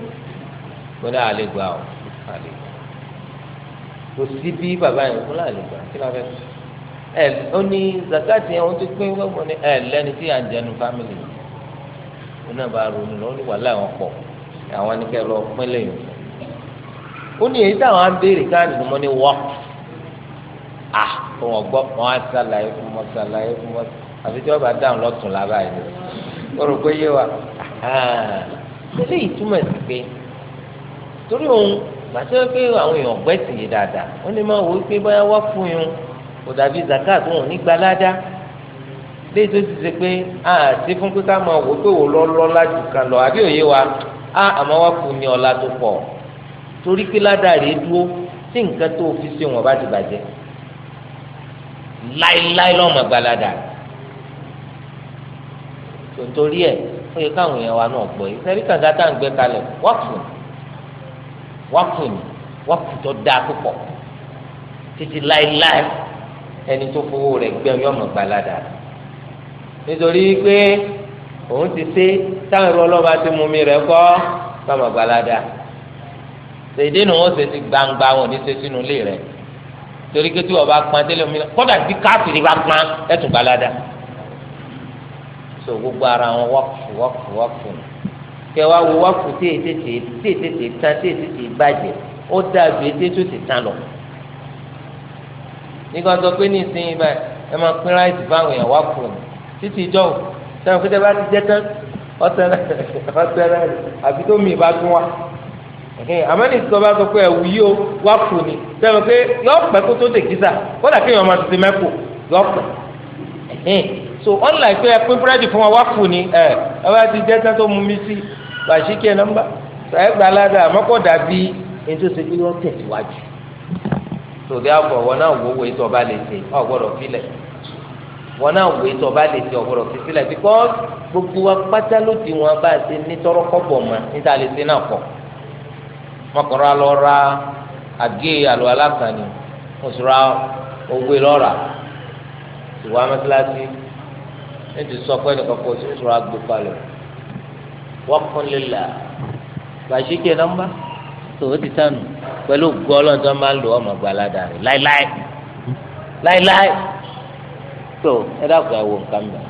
mo ní àlè gbà ọ àlè gbà kò sí bí bàbá yẹn fún àlè gbà kí ló fẹ́ ẹ ó ní zakati yẹn wọ́n ti pín wọ́n ní ẹ lẹ́ni tí à ń jẹnu fámìlì wọn náà bá ronú lọ ní wàhálà wọn pọ̀ àwọn ni kẹ́ lọ pín lẹ́yìn ó ní èyí táwọn á ń béèrè káàdì ni mo ní wọ́ọ̀ à wọn gbọ́ wọn á ṣàlàyé fún wọn ṣàlàyé fún wọn àfi tí wọ́n bá dáhùn lọ́tún lábàá yìí ó rò pé yé wa eléyìí túmọ̀ sí pé torí òun gbàtí wọn pé àwọn èèyàn gbẹ́sìn yìí dáadáa wọn lè máa wò ó pé báyà wá fún yín kò dàbí zakat òun ní gbalada léyìí tó ti ṣe pé a ti fún pé ká máa wò ó pé wò lọ́lọ́lá jù kan lọ àbí òye wa a àmọ́ wá fún ní ọlá tó pọ̀ torí pé ládàá rèé dúró tí nǹkan tó fi ṣe wọn bá ti bàjẹ́ láíláí lọ́mọ gbalada tòǹtòrí ẹ̀ ó yẹ káwọn èèyàn wa náà gbọ́ yìí sẹ́ríkà gátà ń gbé kalẹ̀ wọ́pù wákùn ní wákùn tó dáa púpọ̀ títí láéláé ẹni tó fowó rẹ̀ gbẹ yọ ọmọ gbalada nítorí pé òun ti ṣe táwọn ẹrú ọlọ́ba ti mú mi rẹ̀ kọ́ ọmọ gbalada ṣèdí nu wọn ṣe ti gbangba wọn ní ṣe sínú ilé rẹ̀ torí pé tí wọn bá pọn délé omi kódà bí káfíìrì bá pọn ẹtù gbalada so gbogbo ara wọn wọ́pù wọ́pù wọ́pù kẹwàá wo wá fún tí ètè tí ètè tí tán tí ètè tí bàjẹ́ ó dáa ètè tó ti tán lọ. nígbà tó pé nísìnyí báyìí ẹ máa pín ráìtì fáwọn èèyàn wá fún un títí ìjọ sẹ́wọ̀n pété bá ti jẹ́ tán ọ̀tẹ̀ (laughs) náà àbí tó mi ìbá tún wá. àmọ́ ní ìsọ̀bá sọ pé ẹ̀wù yìí ó wá fún ni sẹ́wọ̀n pé yọ pẹ́ kó tó dèkísà kódà kéèyàn máa tètè mẹ́kù yọ pẹ́ so unlike pé ẹ pín búrẹ́dì fún wa wá fún ni ẹ ẹ bá ti jẹ́ tán tó mú mi sí ba shi kenan ba sàyẹ gbalada àmọkọ dàbí ètò ìṣèjú wọn tẹsíwájú tòdí àbọ wọn náà wò wò ètò ọba lè tẹ ọ gbọ́dọ̀ filẹ wọn náà wò ètò ọba lè ọ fi gbogbo wa di wọn bá a ṣe ní tọrọkọbọ mọ níta na ṣe náà kọ mọkànlá lọ ra àgé àlọ alákànni mùsùlùmá owó lọra ìwà mẹsàlásì ètò ìsọpẹ nìkan kò sí wọ́pọ̀n lílà bàṣí kí ẹ̀dá ń bá tó o ti tánu pẹ̀lú gbọ́ ọlọ́dún tó máa ń lò ọmọ gbalada rẹ̀ láíláí láíláí tó ẹ̀dá kò ẹ̀wò nǹkan mẹ́rin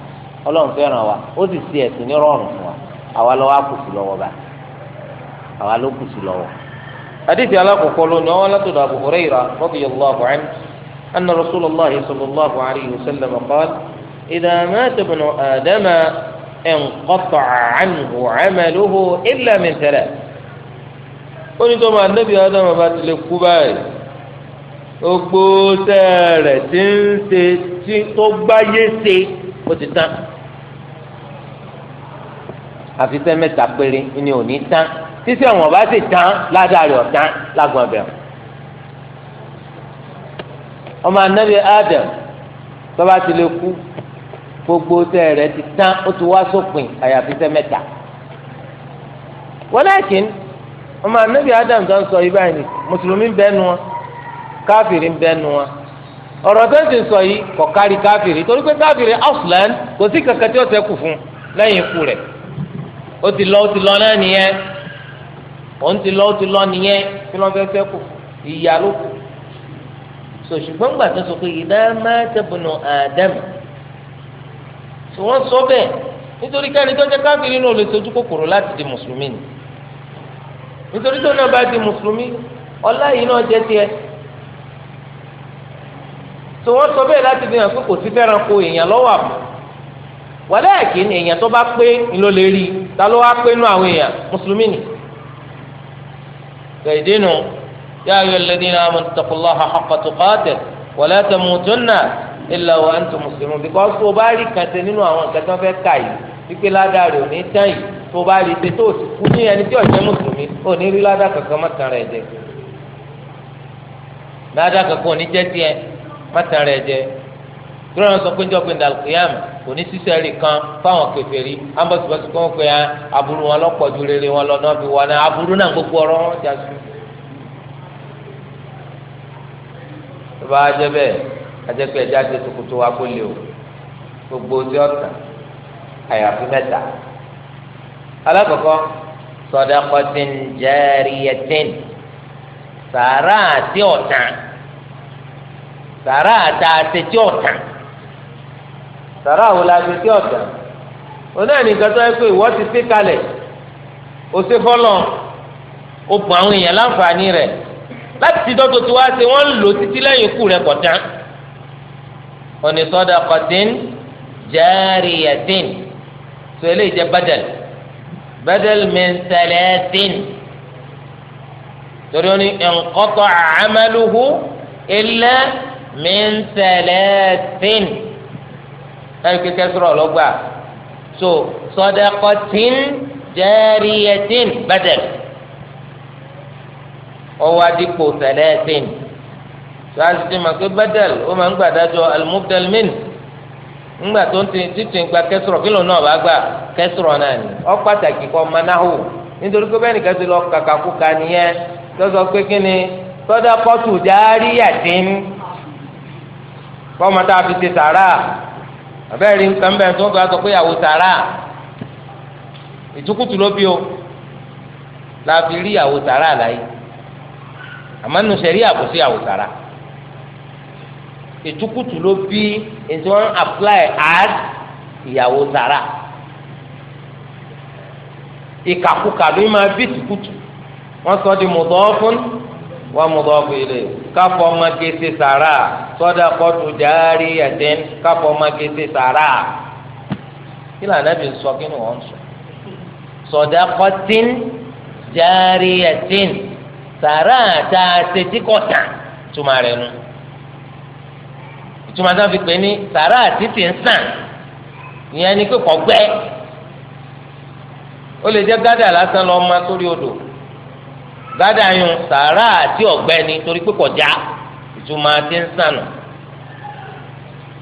ọlọ́run fẹ́ràn wa ó sì ṣe ẹ̀sìn ní rọrùn fún wa àwa lọ́wọ́ àkùsù lọ́wọ́ bá àwa ló kùsù lọ́wọ́. حديث على قولون ولا تدع أبو هريرة رضي الله عنه أن رسول الله صلى الله عليه وسلم قال إذا مات ابن آدم انقطع عنه عمله إلا من ثلاث oni tó máa nẹ́bí ádámù bá ti lè kú báyìí gbogbo sẹ́ẹ̀rẹ̀ tí ń ṣe tí tó gbáyé ṣe ó ti tán àfi sẹ́ mẹ́ta péré ni ò ní tán títí àwọn ọba sì tán ládàrí ọ̀tán lágbọ̀n bẹ̀rù ọmọ anabi Ádámù tó bá ti lè kú gbogbo tẹ rẹ ti tán ó ti wá sópin àyàfi tẹ mẹ́ta walakin ọmọ anabi adam tó ń sọ yìí báyìí mùsùlùmí ń bẹ nu wọn káfìrí ń bẹ nu wọn ọ̀rọ̀ tó ń sì sọ yìí kò kárí káfìrí torí pé káfìrí aslan kò sí kankan tí ó tẹ kù fún lẹ́yìn ikú rẹ̀ ó ti lọ ó ti lọ náà nìyẹn òun ti lọ ó ti lọ nìyẹn kí ló fẹ́ fẹ́ ìyá ló kù sòṣùgbọ́n gbà sọ pé ìdá máa tẹ̀ àdámù. tí wọ́n sọ bẹ́ẹ̀ nítorí kẹ́ni tó jẹ́ káfíìrì náà lè sojú láti di mùsùlùmí ni nítorí tó bá di mùsùlùmí ọlá yìí náà jẹ́ tiẹ̀ tí wọ́n sọ bẹ́ẹ̀ láti fi hàn pé kò sí fẹ́ràn kó èèyàn lọ́wọ́ àbọ̀ wàlẹ́ ni èèyàn tó bá pé ta ló wá pé nú àwọn èèyàn mùsùlùmí ni kẹ̀dínú illa wa antum muslimun because tó o bá rí kàtẹ nínú àwọn nǹkan tó fẹ́ kà yìí wípé ládàá rẹ̀ ò ní tán yìí tó o bá rí ṣe tó o sì kú ní ẹni tí ọ̀jẹ́ mùsùlùmí ò ní rí ládàá kankan má tan rẹ̀ jẹ ládàá kankan ò ní jẹ́ tiẹ̀ má tan rẹ̀ jẹ tí wọ́n sọ pé ń jọ́ pé ndàlùkìyàmù òní sísẹ rí kan fáwọn kèfèrí ambasibasi kọ́ pé ah, aburú wọn lọ́pọ̀ ju rere wọn lọ náà fi wọn náà aburú náà gbogbo ọ̀rọ̀ wọn jà sí. tó bá jẹ́ bẹ́ẹ̀ ajẹ́pẹ́ ẹja ti tukutu wa kó lè o gbogbo tí ó tà àyàfi mẹ́ta alákọ̀ọ́kọ́ sadaqatin jariyatin sàrà àti ọ̀tàn sàrà àtà àtẹ̀tí ọ̀tàn sàrà àwọn làtẹ̀tí ọ̀tàn onáà nìkan tó yẹ pé ìwọ́ ti sí kalẹ̀ ó sì fọ́lọ́ ó àwọn èèyàn láǹfààní rẹ̀ láti dọ́tò tí wá ṣe wọ́n lò títí lẹ́yìn ikú rẹ̀ kọ̀tán oní sadaqatin jariyatin tó eléyìí jẹ́ badal badal min salatin torí oní inqata amaluhu illa min salatin ẹ̀rí kékeré sọ̀rọ̀ ọlọ́gbà so sadaqatin jariyatin badal ọwọ́ adìpọ̀ salatin sáàsì ti mọ̀ pé bẹ́dẹ̀l ó máa ń gbàdájọ́ alimubdal min ńgbà tó ń ti títì ń gba kẹsùrọ̀ kí lòun náà bá gbà kẹsùrọ̀ náà ni ọ pàtàkì kọ́ manáhù nítorí pé bẹ́ẹ̀ nìkan ti lọ kàkàkùkà nìyẹn tó sọ pé kí ni tọ́jà pọ́tù járí yàtín kọ́mọ tá a fi ti sàrà abẹ́rẹ́ nǹkan tó ń gba sọ pé ìyàwó sàrà ìtukùtù ló bí o la fi rí ìyàwó sàrà láyé àmọ́ nù sẹ́rí àbòsí ìyàwó sàrà ìtukùtù ló bí ètò wọn apply as ìyàwó sàrà ìkàkùkà ló máa bí ìtukùtù wọn sọ di mudafun wa mudafu ilayhi káfọ ọmọge ṣe sàrà sadaqatu jariyatan káfọ ọmọge ṣe sàrà kí lànà bí sọ kí ni wọn sọ sadaqatin jariyatan sàrà tá a ṣe tí kò tán túmọ̀ rẹ̀ nù ìtumọ̀ tó fi pè ní sàrà àti ń sàn ìyẹn ni pé kò gbẹ ó lè jẹ́ gádà lásán lọ́ọ́ máa sórí odò gádà yun sàrà àti ọ̀gbẹ́ ni torí pé kò já ìtumọ̀ àti ń sàn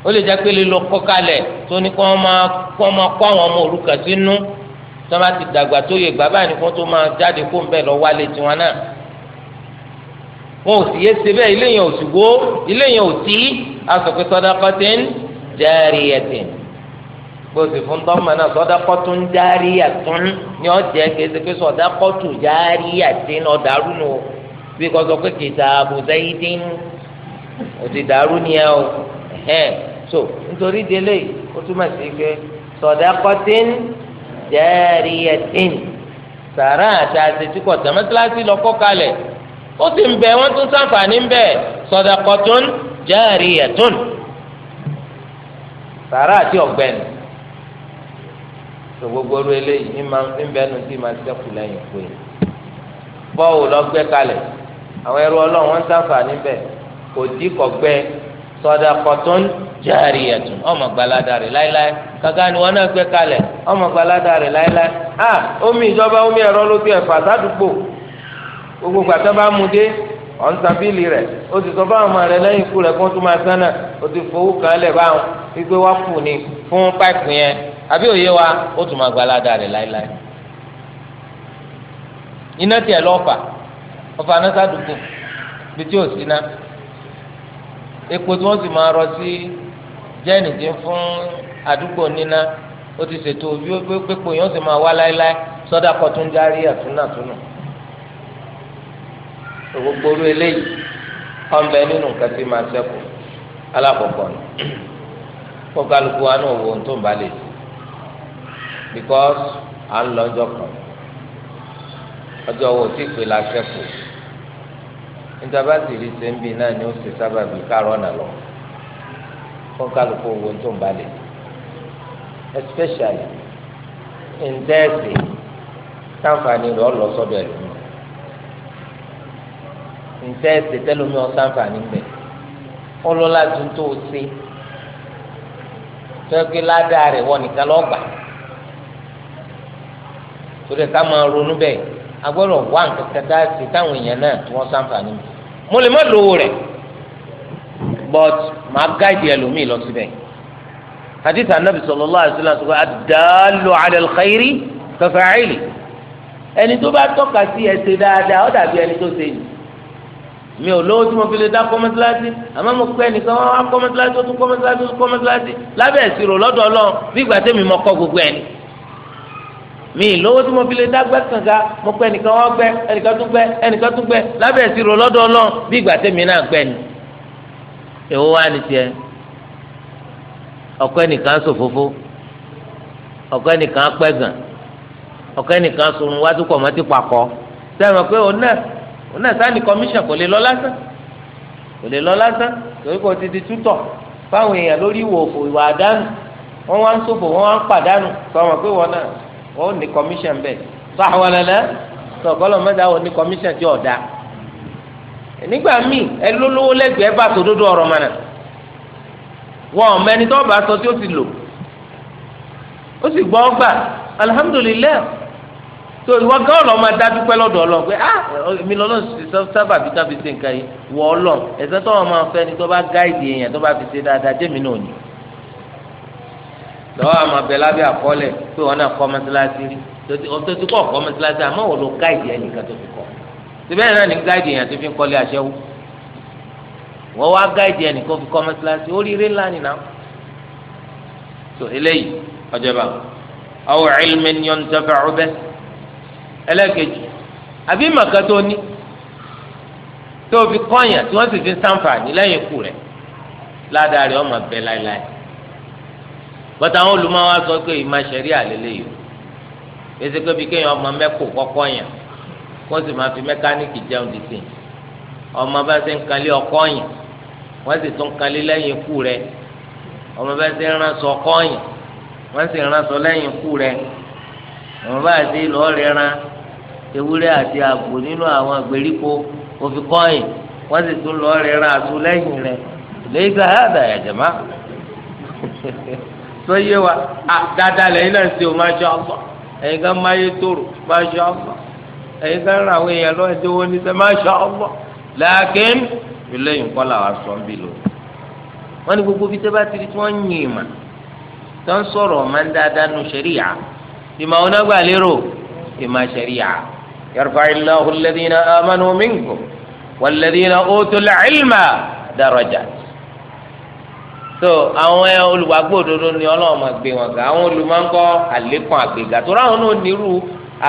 ó lè jẹ́ pé lílo kọ́kalẹ̀ tó ní kó máa kó máa kó àwọn ọmọ òrukàn sínú tí bá ti dàgbà tó yẹ bàbá ní kó tó máa jáde kó ń lọ wálé tiwọn náà. wọn ò sì yé ṣe ilé yẹn ò sì wó ilé yẹn ò tí asọ̀pẹ́ sadaqatin jariyatin bó sì fún tọ́mọ náà ni ọ jẹ́ kéde pé sadaqatu jariyatin ọ̀dàrú nù bí kò sọ pé kitabu Zaidin ò ti dàrú ni ẹ o ẹ̀hẹ́n so nítorí délé ó túmọ̀ sí pé sadaqatin jariyatin sàrà àti àti tí kò lọ kọ́ kalẹ̀. ó sì ń bẹ wọ́n tún ṣàǹfààní ń bẹ sadaqatun sàrà àti gbogbo oru eléyìí ń bẹ nu tí màá ṣẹ́kù lẹ́yìn pé bọ́ọ̀lù lọ́gbẹ́ kalẹ̀ àwọn ẹrú ọlọ́run wọ́n ń ṣàǹfààní kò dí ọmọ gbalada láéláé kàkà ni wọ́n náà ọmọ gbalada láéláé ah omi ìjọba omi ló ti gbogbo gbàtọ́ bá mu dé ọ̀n sábìlì rẹ̀ ó ti sọ fáwọn ọmọ rẹ̀ lẹ́yìn ikú rẹ̀ kó tó máa sánà ó ti fowó kan lẹ̀ báwọn wípé wá kù ni fún páìpù yẹn àbí òye wa ó tún máa gba rẹ̀ láéláé. iná tiẹ̀ lọ́ọ̀fà ọ̀fà náà sádùkù bí tí ò sí ná epo tí wọ́n sì máa rọ sí jẹ́ẹ̀nì tí ń fún àdúgbò níná ó ti ṣètò bí ó pé pé pò yẹn ó sì máa wá láéláé sọ́dà kọ́ tó ń járí ẹ̀túnà túnà gbogbo orí eléyìí ọ̀nbẹ nínú nǹkan tí máa ṣẹ́kù alákọ̀ọ́kọ́ ni kó kálukú wa náà wo ohun tó ń bá lè ṣe because à ń lọ ọjọ́ kan ọjọ́ wo tí ìpè la ṣẹ́kù níjọba sì rí sẹ́ńbì náà ni ó sì sábà bí kárọ̀ nà lọ kó kálukú wo ohun tó ń bá lè ṣe especially in dẹ́ẹ̀sì táǹfààní rẹ̀ ọ̀ lọ sọ́dọ̀ ẹ̀ lómi nǹkan ẹsẹ̀ tẹ́lómi ọ̀sán fàánì gbẹ̀ ọlọ́lá tún tó o ṣe tọ́kí ládàá rẹ̀ wọ nìkan lọ́gbà torí ká máa ronú bẹ́ẹ̀ a gbọ́dọ̀ wá nǹkan kan tá a ṣe táwọn èèyàn náà tí wọ́n ṣàǹfààní mi mo lè má lówó rẹ̀ but màá gáàdì ẹlòmíì lọ síbẹ̀ hadith anabi sallallahu alaihi sọgbà ad-dallu ala al ẹni tó bá tọ́ka sí ẹsẹ̀ dáadáa ó dàbí ẹni tó ṣe yìí mi ò lówó tí mo fi lè dá kọ́mọ́tíláṣí àmọ́ mo pẹ́ nìkan wọ́n á kọ́mọ́tíláṣí ó tún kọ́mọ́tíláṣí ó tún kọ́mọ́tíláṣí lábẹ́ ìṣirò lọ́dọ̀ ọlọ́run bí ìgbà tẹ́mi mọ kọ́ gbogbo ẹ̀ ni. mi ì lówó tí mo fi lè dá gbẹ́ kànga mo pẹ́ nìkan wọ́n gbẹ́ ẹnìkan tún gbẹ́ ẹnìkan tún gbẹ́ lábẹ́ ìṣirò lọ́dọ̀ ọlọ́run bí ìgbà tẹ́mi náà gbẹ́ ni. èwo wá ni tiẹ̀ ọ̀kọ́ ẹnìkan ṣòfófó ọ̀kọ́ ẹnìkan pẹ́gàn ọ̀kọ́ ẹnìkan sorun wájú pọ̀ mọ́tí pakọ́ sẹ́wọ̀n pé òun òun náà sáà ní commission kò lè lọ lásán kò lè lọ lásán torí kò ti di tútọ̀ fáwọn èèyàn lórí ìwò òfò ìwà àdánù wọn wá ń ṣòfò wọn wá ń pàdánù sọmọ pé wọn náà wọn ò ní commission bẹ́ẹ̀ sọ àwọn lẹlẹ sọkọlọ mẹ́ta wọn ní commission tí ọdá nígbà míì ẹ lólówó lẹ́gbẹ̀ẹ́ bá sòdodo ọ̀rọ̀ mọnà wọn ò mẹni tó bá sọ tí ó ti lò ó sì gbọ́ gbà alihamudulilayi so ìwọ gán ọ̀nà máa dájú pẹ́ lọ́dọ̀ ọlọ́run pé ah èmi lọ́nà sábà bí ká fi ṣe nǹkan yìí wọ ọlọ́run ẹ̀sẹ̀ tó wọn máa fẹ́ ni tó bá gáìdì èèyàn tó bá fi ṣe dáadáa jẹ́mi náà ni. lọ́wọ́ àmọ́ abẹ lábẹ́ àkọọ́lẹ̀ pé wọn náà kọ́ mọ́sálásí rí tó ti kọ́ kọ́ mọ́sálásí àmọ́ wọ́n lo gáìdì ẹ̀ nìkan tó fi kọ́. síbẹ̀ náà ni gáìdì èèyàn tó fi ń kọ́lé aṣẹ́wó wọ́n so eléyìí ọjọba àwọn ilmin yọ̀ǹtẹ̀fẹ̀ ọbẹ̀ ẹlẹ́kejì àbí màkà tó ní tó fi kọ́yàn tí wọ́n sì fi sàǹfààní lẹ́yìn ikú rẹ̀ ládàá rẹ̀ ọmọ bẹ́ẹ̀ láéláé bọ́tà àwọn olùmọ̀wá sọ pé ìmọ̀ sẹ́rí àlélẹ́ yìí èsì pé bí kéèyàn ọmọ mẹ́kò kọ́kọ́ yàn kó sì máa fi mẹ́káníìkì jẹun dìtì ọmọ bá ṣe ń kalẹ́ ọkọ́ yàn wọ́n sì tún kalẹ́ lẹ́yìn ikú rẹ̀ ọmọ bá ṣe ń ránṣọ ọkọ́ yàn wọ́n sì ránṣọ lẹ́yìn ikú rẹ̀ ọmọ bá ṣe lọ́ọ́ rẹ̀ rán ewúrẹ́ àti àgbò nínú àwọn àgbèríko òfin kọ́yìn wọ́n sì tún lọ́ọ́ rẹ̀ ra àtú lẹ́yìn rẹ̀ lẹ́yìn àdá ẹ̀jẹ̀má (laughs) sọ yé wa dáadáa lẹ́yìn náà ṣe o máa ṣe ọ̀pọ̀ ẹ̀yin kan máa yé tóró máa ṣe ọ̀pọ̀ ẹ̀yin kan ra àwọn èèyàn lọ́wọ́ ẹ̀dínwó ní sẹ́ máa ṣe ọ̀pọ̀ làákín ìlẹ́yìn kọ́ làwọn sọ ń bì lò wọ́n ní gbogbo bí tẹ́ bá tí wọ́n ń yìn mà tó sọ̀rọ̀ máa ń dáadáa nu ṣẹ̀ríyà ìmọ̀ ọ̀nàgbà lérò ìmọ̀ يرفع الله الذين آمنوا منكم والذين أوتوا العلم درجات so àwọn olùwàgbọ́ òdodo ni Ọlọ́run máa gbé wọn ga àwọn olùmọ̀ńkọ́ àlékún àgbéga tó ráwọn náà nírú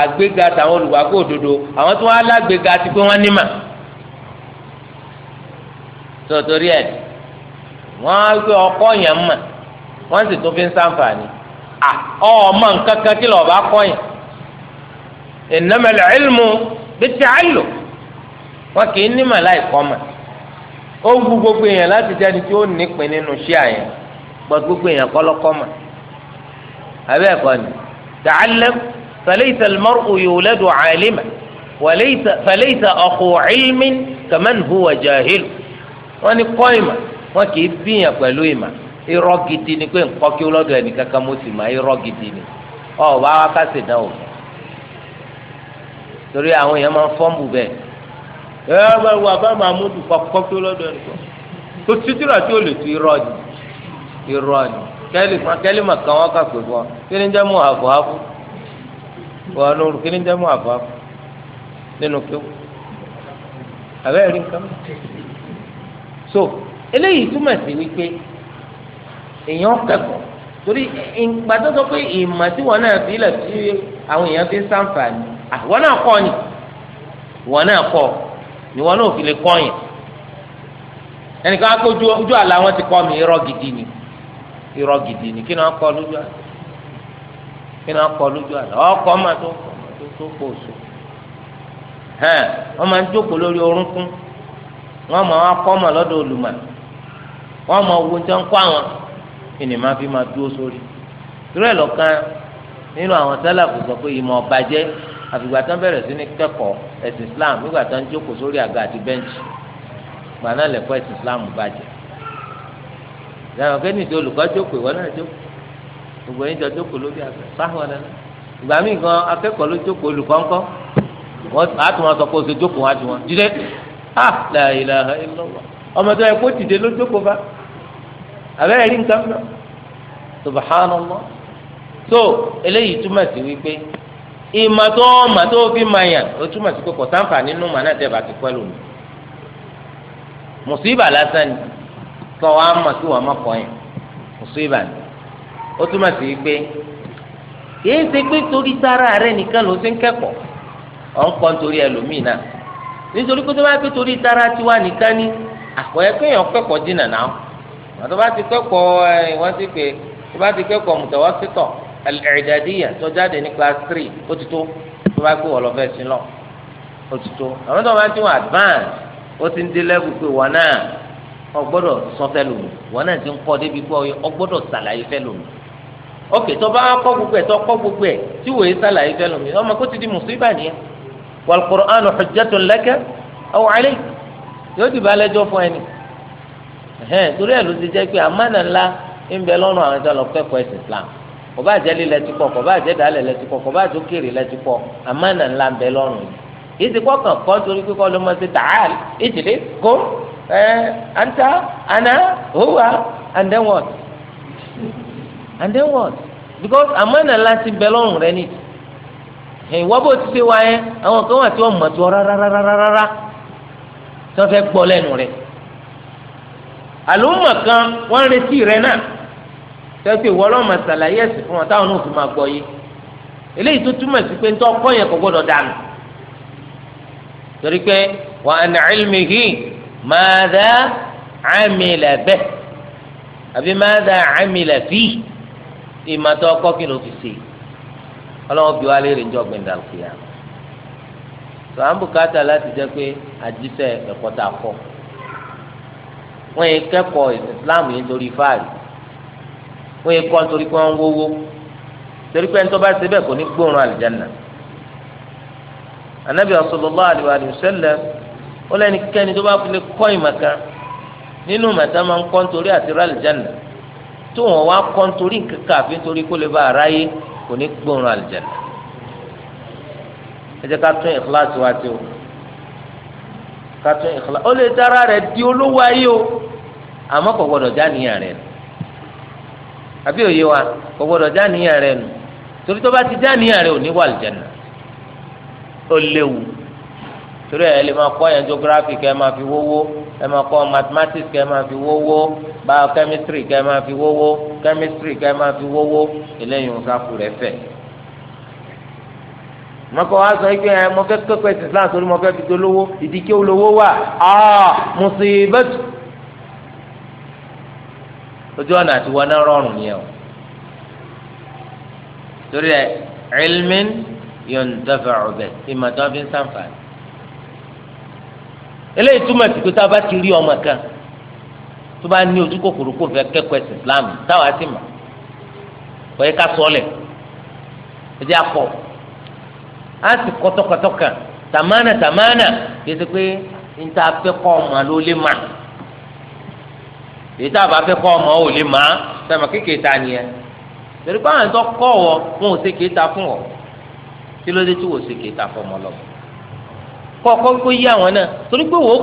àgbéga tàwọn olùwàgbọ́ òdodo àwọn tó wá lágbéga ti pé wọ́n nímà so torí ẹ̀ wọ́n á gbé ọkọ yẹn mà wọ́n sì tún fi ń sàǹfààní ọmọ nǹkan kan kí lọ́ọ́ bá kọ́ yẹn innamal ilmu bitta'allum wọn kì í nímọ̀ láìkọ́ mà ó wù gbogbo èèyàn láti jáde tí ó nípìn nínú ṣíà yẹn gbọ́ gbogbo èèyàn kọ́lọ́kọ́ mà abẹ́ ẹ̀kọ́ ni ta'allam falaysa al-mar'u yuladu 'aliman falaysa akhu 'ilmin kaman huwa jahil wọ́n ní kọ́ ìmọ̀ wọ́n kì í bíyàn pẹ̀lú ìmọ̀ irọ́ gidi ni pé nǹkan kí ó lọ́dọ̀ ẹnìkan kan mo sì mà irọ́ gidi ni ọ̀ wá wá ká ṣèdánwò fún torí àwọn èèyàn máa ń fọ́ǹbù bẹ́ẹ̀ ẹ ẹ bá wà bá mahmud kọkọ tó lọ́dọ̀ nìkan tó títúrà tí ó lè tu irọ́ ni irọ́ ni kẹ́lí kẹ́lí mà kàn wọ́n kà pé bọ́ kí ni jẹ́ mú àbọ̀ àbọ̀ wọ́n ló rù kí ni jẹ́ mú àbọ̀ àbọ̀ nínú kéwù àbẹ́ rí nǹkan so eléyìí túmọ̀ sí wípé èèyàn kẹ́kọ̀ọ́ torí ìgbà tó sọ pé ìmọ̀ tí wọ́n náà fi lẹ̀ tí àwọn èèyàn fi ń sàǹfààní àwọn ah, náà kọ́ ni wọn náà kọ́ ni wọn náà fi lè kọ́ yẹn ẹnìkan á kójú ojú àlá wọn ti kọ́ mi irọ́ gidi ni irọ́ gidi ni kí ni kọ́ lójú kí ni wọ́n kọ́ lójú àlá ọkọ̀ máa tó kọ́ máa tó tó kó oṣù hàn wọ́n máa ń jókòó lórí orúnkún wọ́n máa wá kọ́ ọmọ máa wo àfìgbà tán bẹ̀rẹ̀ sí ní kẹ́kọ̀ọ́ ẹ̀sìn islam nígbà tán jókòó sórí àga àti bẹ́ǹchì gbà náà lẹ́kọ̀ọ́ ẹ̀sìn islam bàjẹ́ ìdáhùn kẹ́ni tí olùkọ́ jókòó ìwọ náà jókòó gbogbo yín jọ jókòó lórí àgbẹ̀ sáwọn ẹ̀ ìgbà míì gan akẹ́kọ̀ọ́ ló jókòó olùkọ́ ńkọ́ wọ́n àtúmọ̀ sọ pé oṣù jókòó wá ju wọn jíde ha la ilaha illallah ọmọ subhanallah so eléyìí túmọ̀ ìmọ̀ tó mọ̀ tó fi mọ̀ yàn ó túmọ̀ sí kò sáǹfà nínú mọ̀ náà tẹ̀bà ti pẹ́lú mi mùsùlùmí lásán ni kọ́ wa mọ̀ kí wọ́n mọ̀ kọ́ mùsùlùmí ó túmọ̀ sí pé kìí ṣe pé torí sára rẹ nìkan ló ti ń kẹ́kọ̀ọ́ ọ̀ ń nítorí ẹlòmíì náà nítorí pé tó bá pé torí sára tiwa nìkan ni àkọ́yẹ kéèyàn kẹ́kọ̀ọ́ dínà náà wọ́n bá ti kẹ́kọ̀ọ́ ẹ̀ wọ́n ti pè tó bá ti kẹ́kọ̀ọ́ al-i'dadiyya tó jáde ní class three ó ti tó tó bá gbé wọ́n lọ fẹ́ sí lọ ó ti tó àwọn tó bá ti wọn advance ó ti ń dé level pé wọn náà ọgbọ́dọ̀ sọ fẹ́ lòmù wọn náà ti ń kọ́ débi pé ọgbọ́dọ̀ sàlàyé fẹ́ lòmù ok tó bá kọ́ gbogbo ẹ̀ tó kọ́ gbogbo ẹ̀ tí wòye sàlàyé fẹ́ lòmù ọmọ kó ti di mùsùlùmí nìyẹn wal Qur'anu hujjatun laka aw alayk yóò dìbò alẹ́jọ́ fún ẹni torí ẹ̀ ló ti jẹ́ pé àmánà ńlá ń bẹ lọ́rùn àwọn ìjọ lọ kẹ́kọ̀ọ́ ẹ̀sìn kọba àjẹlẹ lẹti kọ kọba àjẹdàlẹ lẹti kọ kọba àjọkèrè lẹti kọ àmànà ńlá ń bẹ lọ́rùn yìí èsì kọkàn kọ torí pé kọ ló máa ṣe tààlì ìjìlẹ kó ẹ anta ana huwa and then what and then what because àmànà ńlá ti bẹ lọ́rùn rẹ nìyí ìwọ bó ti ṣe wá yẹn àwọn kan wà tí wọn mọ̀ tó rárárárárá tí wọn fẹ́ gbọ́ lẹ́nu rẹ àlùmọ̀ kan wọ́n retí rẹ náà. tẹ́tí ìwọ ọlọ́mọ ṣàlàyé ẹ̀sìn fún wọn táwọn náà fi máa gbọ́ yé eléyìí tó túmọ̀ sí pé ntọ́ ọkọ yẹn kò gbọ́dọ̀ dànù torí pé wa an ilmihi madha amila bihi àbí kí fi ṣe ọlọ́wọ́n bí wá léèrè njọ́ gbẹ̀ndà kìá tó à ń bùkátà láti jẹ́ pé àjíṣẹ́ ẹ̀kọ́ kọ́ wọ́n yẹ Islam wọ́n yẹ kọ́ nítorí pé wọ́n ń wówó torí pé nítorí bá ṣe bẹ́ẹ̀ kò ní gbóòórùn àlìjáná anabi sallallahu alaihi wa sallam ó lẹ́ni kẹ́ni tó bá fi lè kọ́ ìmọ̀ kan nínú màtá máa ń kọ́ nítorí àti rà àlìjáná tó wọ́n wá kọ́ nítorí kankan àfi nítorí kó lè bá aráyé kò ní gbóòórùn àlìjáná ẹ jẹ́ ká tún ìkíláàsì wa ti o ká tún ìkíláàsì ó lè dára rẹ̀ di olówó ayé o àmọ́ kò gbọ́dọ̀ já àbí òye wa kò gbọdọ̀ já níyà rẹ nù torí tó bá ti já níyà rẹ ò ní wà lìjẹ̀nà ó léwu torí ẹ lè máa kọ́ yẹn geography kẹ́ ẹ máa fi wówó ẹ máa kọ́ mathematics kẹ́ ẹ máa fi wówó biochemistry kẹ́ ẹ máa fi wówó chemistry kẹ́ ẹ máa fi wówó eléyìí nǹkan kù rẹ fẹ̀. mọ́kọ́ wa sọ pé ẹ mọ fẹ́ kẹ́kọ̀ọ́ ẹ̀sìn Islam torí mọ fẹ́ fi dolówó ìdíkẹ́ olówó wà á ah, mùsùlùmí bẹ́tù ojú ọ̀nà àti wọn náà rọrùn yẹn o torí ẹ ilmin yuntafa'u bihi ìmọ̀ tó fi ń sàǹfààní eléyìí túmọ̀ sí pé tá a bá ti rí ọmọ kan tó bá ní ojú kòkòrò kò fẹ́ kẹ́kọ̀ọ́ ẹ̀sìn Islam táwa sì mọ̀ kò ká sọ ọ́lẹ̀ ẹ á sì kọ́ tọkàtọkà tàmánà tàmánà kí pé níta fẹ́ kọ́ ọmọ ló lé máa èyí tá a bá fẹ́ kọ́ ọmọ ò lè má sẹ́mi kékeré ta ni ẹ torí pé àwọn ẹ̀tọ́ kọ́ wọ wọn ò ṣe kéé ta fún ọ kí ló dé tí wò ó kéé ta fún ọmọ lọ kọ́ kó yí àwọn náà torí pé wò ó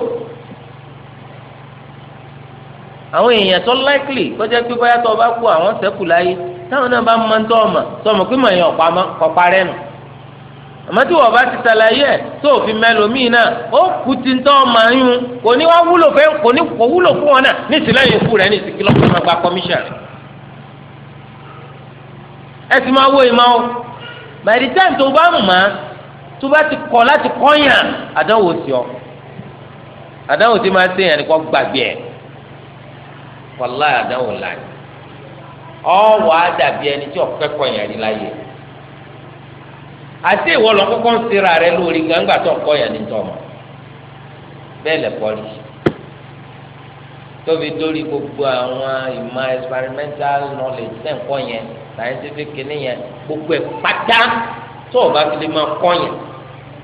àwọn èèyàn tó láìkìlì kọjá pé báyà tó bá kú àwọn sẹ́kù láyé táwọn náà bá máa ń ọmọ tọ́ pé màá yan ọ̀pá rẹ̀ nù. àmọ́ tí wọ́n bá ti ṣàlàyé ẹ̀ tó òfin mẹ́lòmíì náà ó kú ti ń tọ́ ọmọ yún kò ní wọ́n wúlò fẹ́ kò ní kò wúlò fún wọn náà ní ikú rẹ̀ ní commission ẹ sì máa wo ìmọ̀ o by the time tó bá mọ̀ tó bá ti kọ̀ láti kọ́yàn àdánwò sí ọ àdánwò tí máa ṣe àti ìwọ lọ kọ́kọ́ ń sera rẹ lórí gbangba tó kọ yẹn ní tọmọ bẹ́ẹ̀ lẹ pọlì tóbi dórí gbogbo àwọn ìmọ̀ experimental knowledge tẹ̀ ń kọ́ yẹn scientific kìíní yẹn gbogbo ẹ̀ pátá tó o bá fi lè máa kọ́ yẹn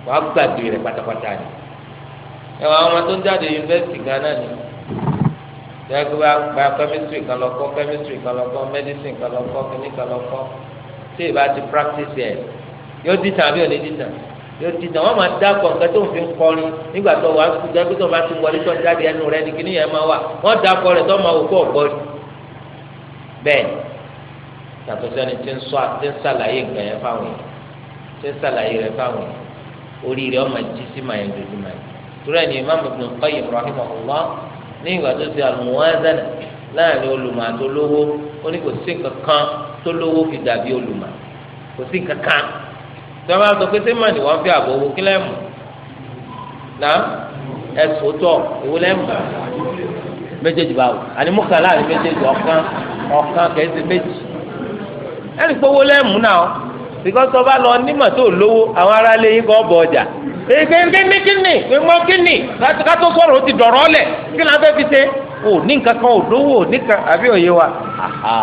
wàá gbàgbé rẹ̀ pátápátá ni ẹ wà àwọn tó ń jáde yunifásitì gánà ni tẹ́gbẹ́ bá gba chemistry kan lọ kọ́ chemistry kan lọ kọ́ medicine kan lọ kọ́ kìíní kan lọ kọ́ tí ì bá ti practice yẹn yóò di tàn àbí ò ní di tàn yóò di tàn wọn máa dá kọ nǹkan tó ń fi kọrin nígbà tó wà sùn jẹ pé tó bá ti wọlé tó ń jáde ẹnu rẹ ní kíní yẹn máa wà wọn dá kọ rẹ tó máa wò kó ọgbọ rí bẹ́ẹ̀ yàtọ̀ sẹ́ni tí ń sọ tí ń sàlàyé nǹkan yẹn fáwọn yẹn tí ń sàlàyé rẹ fáwọn yẹn oríire ọmọ jí sí màá yẹn dúdú màá yẹn torí ẹni Imam Ibn Qayyim rahimahullah ní ìgbà tó ti al-muwazana láàrin olùmọ̀ àti olówó ó ní kò sí nǹkan tó lówó fi dàbí olùmọ̀ kò sí nǹkan tọ́ba sọ pé sẹ́mà ni wọ́n fi àbọ̀ owó kílẹ̀ mù nà ẹ̀sùn tọ̀ èwo lẹ́mù méjèèjì báwò àní mùkàlà àní méjèèjì ọ̀kan ọ̀kan kẹ́sì méjì ẹ̀rì pé owó lẹ́mù náà bíkọ́ tọ́ba lọ nímọ̀ tó lówó àwọn ará lé yín kọ́ bọ̀ ọjà kíni kíni gbẹmọ kíni kátó sọ̀rọ̀ o ti dọ̀rọ̀ lẹ̀ kí ni a fẹ́ fi ṣe o ní nǹkan kan o lówó o ní kan àbí òye wa aha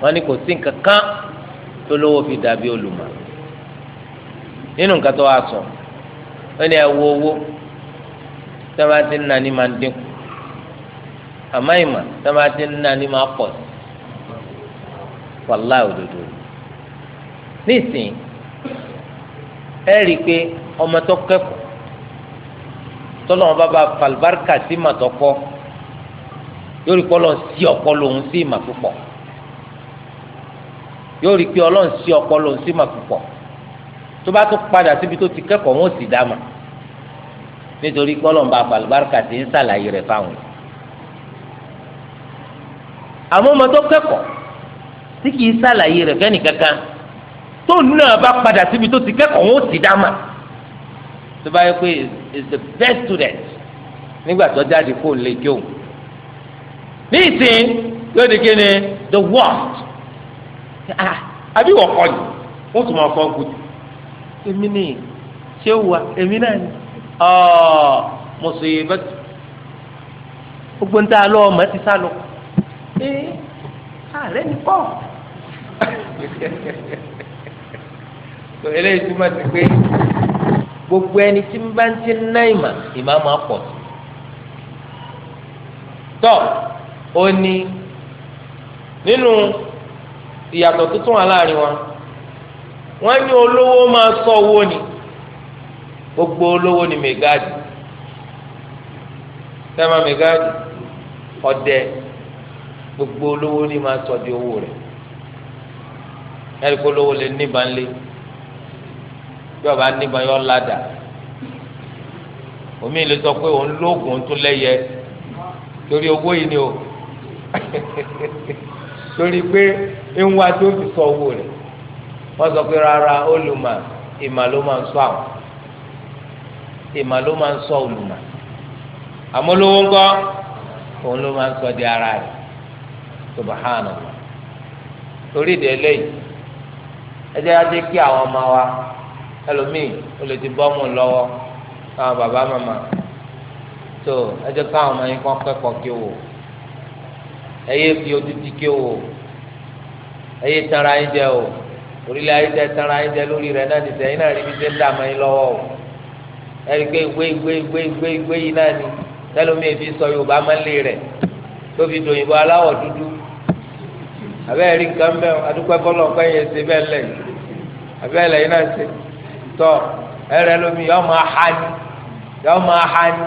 wọ́n ní kò sí nǹkan kan tó lówó fi dàbí olùmọ̀ nínú nǹkan tó wàá sọ wọ́n ní ẹ wo owó tí wọ́n bá ti ń nà ní máa ń dínkù àmọ́ ìmọ̀ tí wọ́n bá ti ń nà ní máa pọ̀ sí wàláì òdodo nísìnyí ẹ rí i pé ọmọ tó kẹ́kọ̀ọ́ tọ́lọ́wọ́n bá falbarka sí màtọ́kọ́ yóò rí kọ́ lọ sí ọ̀pọ̀ lòun sí ìmà púpọ̀ yóò rí i pé ọlọ́run sí ọpọlọ ń sí mà púpọ̀ tó bá tún padà síbi tó ti kẹ́kọ̀ọ́ wọn ò sì dá mà nítorí pé ọlọ́run bá àlùbáríkà ti ń ṣàlàyé rẹ̀ fáwọn yìí. àmọ́ ọmọ tó kẹ́kọ̀ọ́ tí kìí ṣàlàyé rẹ̀ fẹ́ni kankan tó náà bá padà síbi tó ti kẹ́kọ̀ọ́ wọn ò sì dá mà tó bá yẹ pé is the best student nígbà tó jáde kó lè jó ní ìsìn yóò di kí ni the worst Ah. àbí wọ́n kọ́ ni wọ́n tún máa fọ́ ń kùtù èmi ni ṣé wà èmi náà ni ọ̀ọ́ mùsùlùmí gbogbo ń tá a lọ ọmọ ti sá lọ ee ààrẹ ni pọ. tó eléyìí túmọ̀ sí pé gbogbo ẹni tí ń bá ń ti ná ìmà ìmà máa pọ̀ sí. tọ́ ó ní nínú ìyàtọ̀ tuntun wà láàrin wa wọ́n ní olówó máa sọ owó ni gbogbo olówó ni mẹgáàdì sẹ́wọ̀n mẹgáàdì ọ̀dẹ gbogbo olówó ni máa sọ di owó rẹ̀ ẹ̀rí kó olówó lè níbà ńlẹ̀ bí ọba níbà yọ ládàá omi ìlú sọ pé òun lóògùn tún lẹ́yẹ torí owó yìí ni o (laughs) torí pé. ń wá tí ó fi sọ owó sọ pé rárá olùmọ̀ ìmọ̀ ló máa ń sọ àwọn ìmọ̀ ló máa ń sọ òun ló máa ń sọ di ara rẹ̀ subahana torí ìdè eléyìí ẹ ajé kí àwọn ọmọ wa ẹlòmíì ó lè ti bọ́ mú lọ́wọ́ káwọn bàbá màmá tó ẹ káwọn ọmọ kọ́ wò ẹ yé fi ojú kí ẹyẹ tẹnra yín jẹ o orílẹ̀ ayé tẹ tẹnra yín jẹ lórí rẹ̀ náà nìjẹ́ yín náà rí bí tẹ́ ń dààmú yín lọ́wọ́ o ẹ̀rí gbé gbé gbé gbé gbé gbé yín náà ni tẹ́lómi èfi sọ Yorùbá máa ń lé tó fi dòyìnbó aláwọ̀ dúdú abẹ́ nǹkan mẹ́ o adúpẹ́ fọlọ́ ọ̀pẹ́ yẹn ṣe bẹ́ẹ̀ lẹ̀ abẹ́ yín náà ṣe tọ́ yọ yọ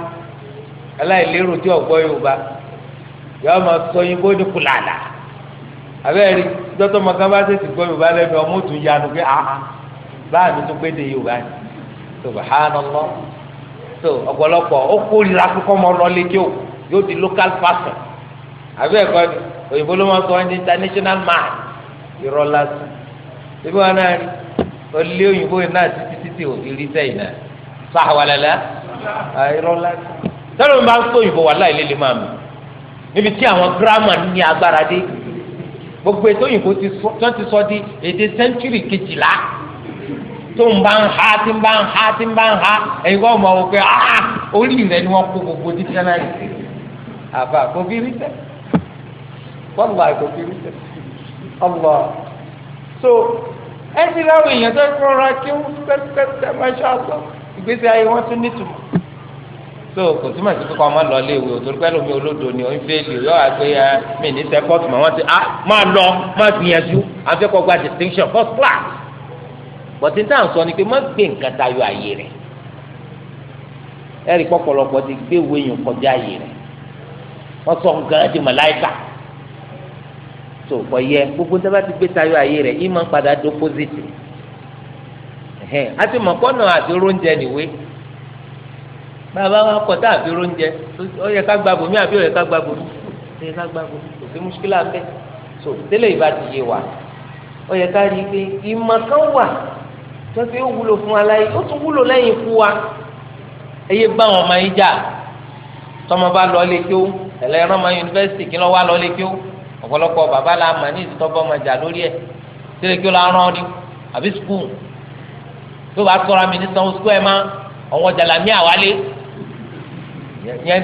aláìlérò tí Yorùbá yọ ní kùlàlà abẹ́ jọ́tọ̀ mọ̀ká bá tètè gbọ́ yorùbá lẹ́nu ọmọ òtún yanu pé aha báà mi tún pé de yorùbá ni subhanallah so ọ̀pọ̀lọpọ̀ ó kórira kókó mọ́ lọ́lé kí o yóò di local fashion àbí ẹ̀kọ́ ni òyìnbó ló máa sọ ọ́ ní international man irọ́ lásán ibi wọn náà rí olè òyìnbó náà títí títí òbí rí sẹ́yìn náà sàwàlẹ́lẹ́ irọ́ lásán tẹ́lẹ̀ mi máa ń sọ òyìnbó wà láì lélẹ̀ máa mi níbi tí àwọn gírámà ní agbára dé gbogbo ètò òyìnbó tí wọ́n ti sọ di èdè sẹ́ńtúrì kejìlá tó ń bá ń ha tí ń bá ń ha tí ń bá ń ha ẹ̀yin kọ́ ọmọ wò pé ah orí rẹ̀ ni wọ́n kó gbogbo dísẹ́nárì sí àbá kò fi rí sẹ́ wọ́n lọ àìkò fi rí sẹ́ ọlọ so ẹ ti láwọn èèyàn tó ń rọra kí wọ́n pẹ́pẹ́pẹ́ máa ṣáà sọ ìgbésí ayé wọn tún nítumọ̀ so kò túmọ̀ sí kíkọ́ ọmọ lọ́lé ìwé òtò pẹ́ lómi olódo ni òun fẹ́ẹ́lì yọ àgbé ya mí ní sẹ́kọ́ọ̀tù mọ́ wọ́n ti ah máa lọ máa gbìyànjú afẹ́kọ̀ọ́ gba distinction first class bọ̀tí táà ń sọ ni pé má gbé nǹkan tayọ àyè rẹ̀ ẹ̀rí pọ̀pọ̀lọpọ̀ ti gbé wéyìn kọjá àyè rẹ̀ wọ́n sọ nǹkan di màláìkà tó kọ yẹ gbogbo tí a bá ti gbé tayọ àyè rẹ̀ yìí máa ń padà dópósìtì bàbá wa kọ tá àfi oúnjẹ ó yẹ ká gba bòmí àbí ó yẹ ká gba bòmí ó yẹ ká gba bòmí kò sí mùsùlùmí abẹ so tẹ́lẹ̀ ìbá ti yé wa ó yẹ ká rí i pé ìmọ̀ kan wà tó fi wúlò fún wa láyé ó tún wúlò lẹ́yìn ikú wa eye bá wọn ọmọ yín jà tọmọ lọ lé kí ó ẹlẹ́rán ma yunifásitì kí lọ́ lọ lé kí ó ọ̀pọ̀lọpọ̀ bàbá la mà ní ìtọ́bọ̀ ma jà lórí ẹ̀ tẹ́lẹ̀ kí ó la rán ni àbí skul tó bá tọ́ra mi ní sanwó skul ẹ̀ má ọ̀wọ́ jàlámí àwálé ìyẹn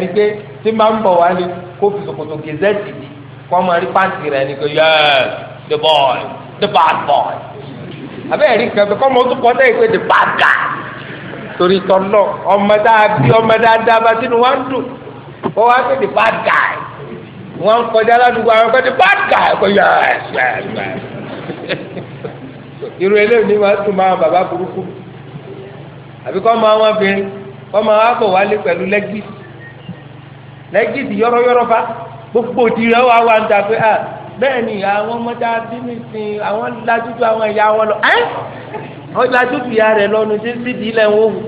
ni pé tí máa ń bọ̀ wá ní kó fi ṣòkòtò gẹ̀zẹ́tì ni kó máa rí pàǹtì rẹ̀ ni kò yẹ́s the boy the bad boy abẹ́rẹ́ rí kan pé kọ́ ọmọ tó kọ́ sẹ́yìn pé the bad guy torí tọ́lọ́ ọmọ dáadé ọmọ dáadáa bá sínú wá ń dùn ó wá pé the bad guy wọ́n ń kọjá ládùúgbò àwọn pé the bad guy kò yẹ́s yẹ́s yẹ́s irú eléyìí ni wọ́n tún máa bàbá burúkú àbíkọ́ máa wọ́n bẹ́ẹ̀ ọmọ abọ wálé pẹ̀lú lẹ́gì lẹ́gì ti yọ́rọ́yọ́rọ́ fa gbogbo òdìrẹ́ wa wà ń ta pé ah bẹ́ẹ̀ ni àwọn ọmọdé abínú sin àwọn lajújú àwọn ẹ̀yà wọn lọ ẹ́ wọ́n lajújú ya rẹ̀ lọ́nu tí ń sì dì í lẹ̀ ń wò wù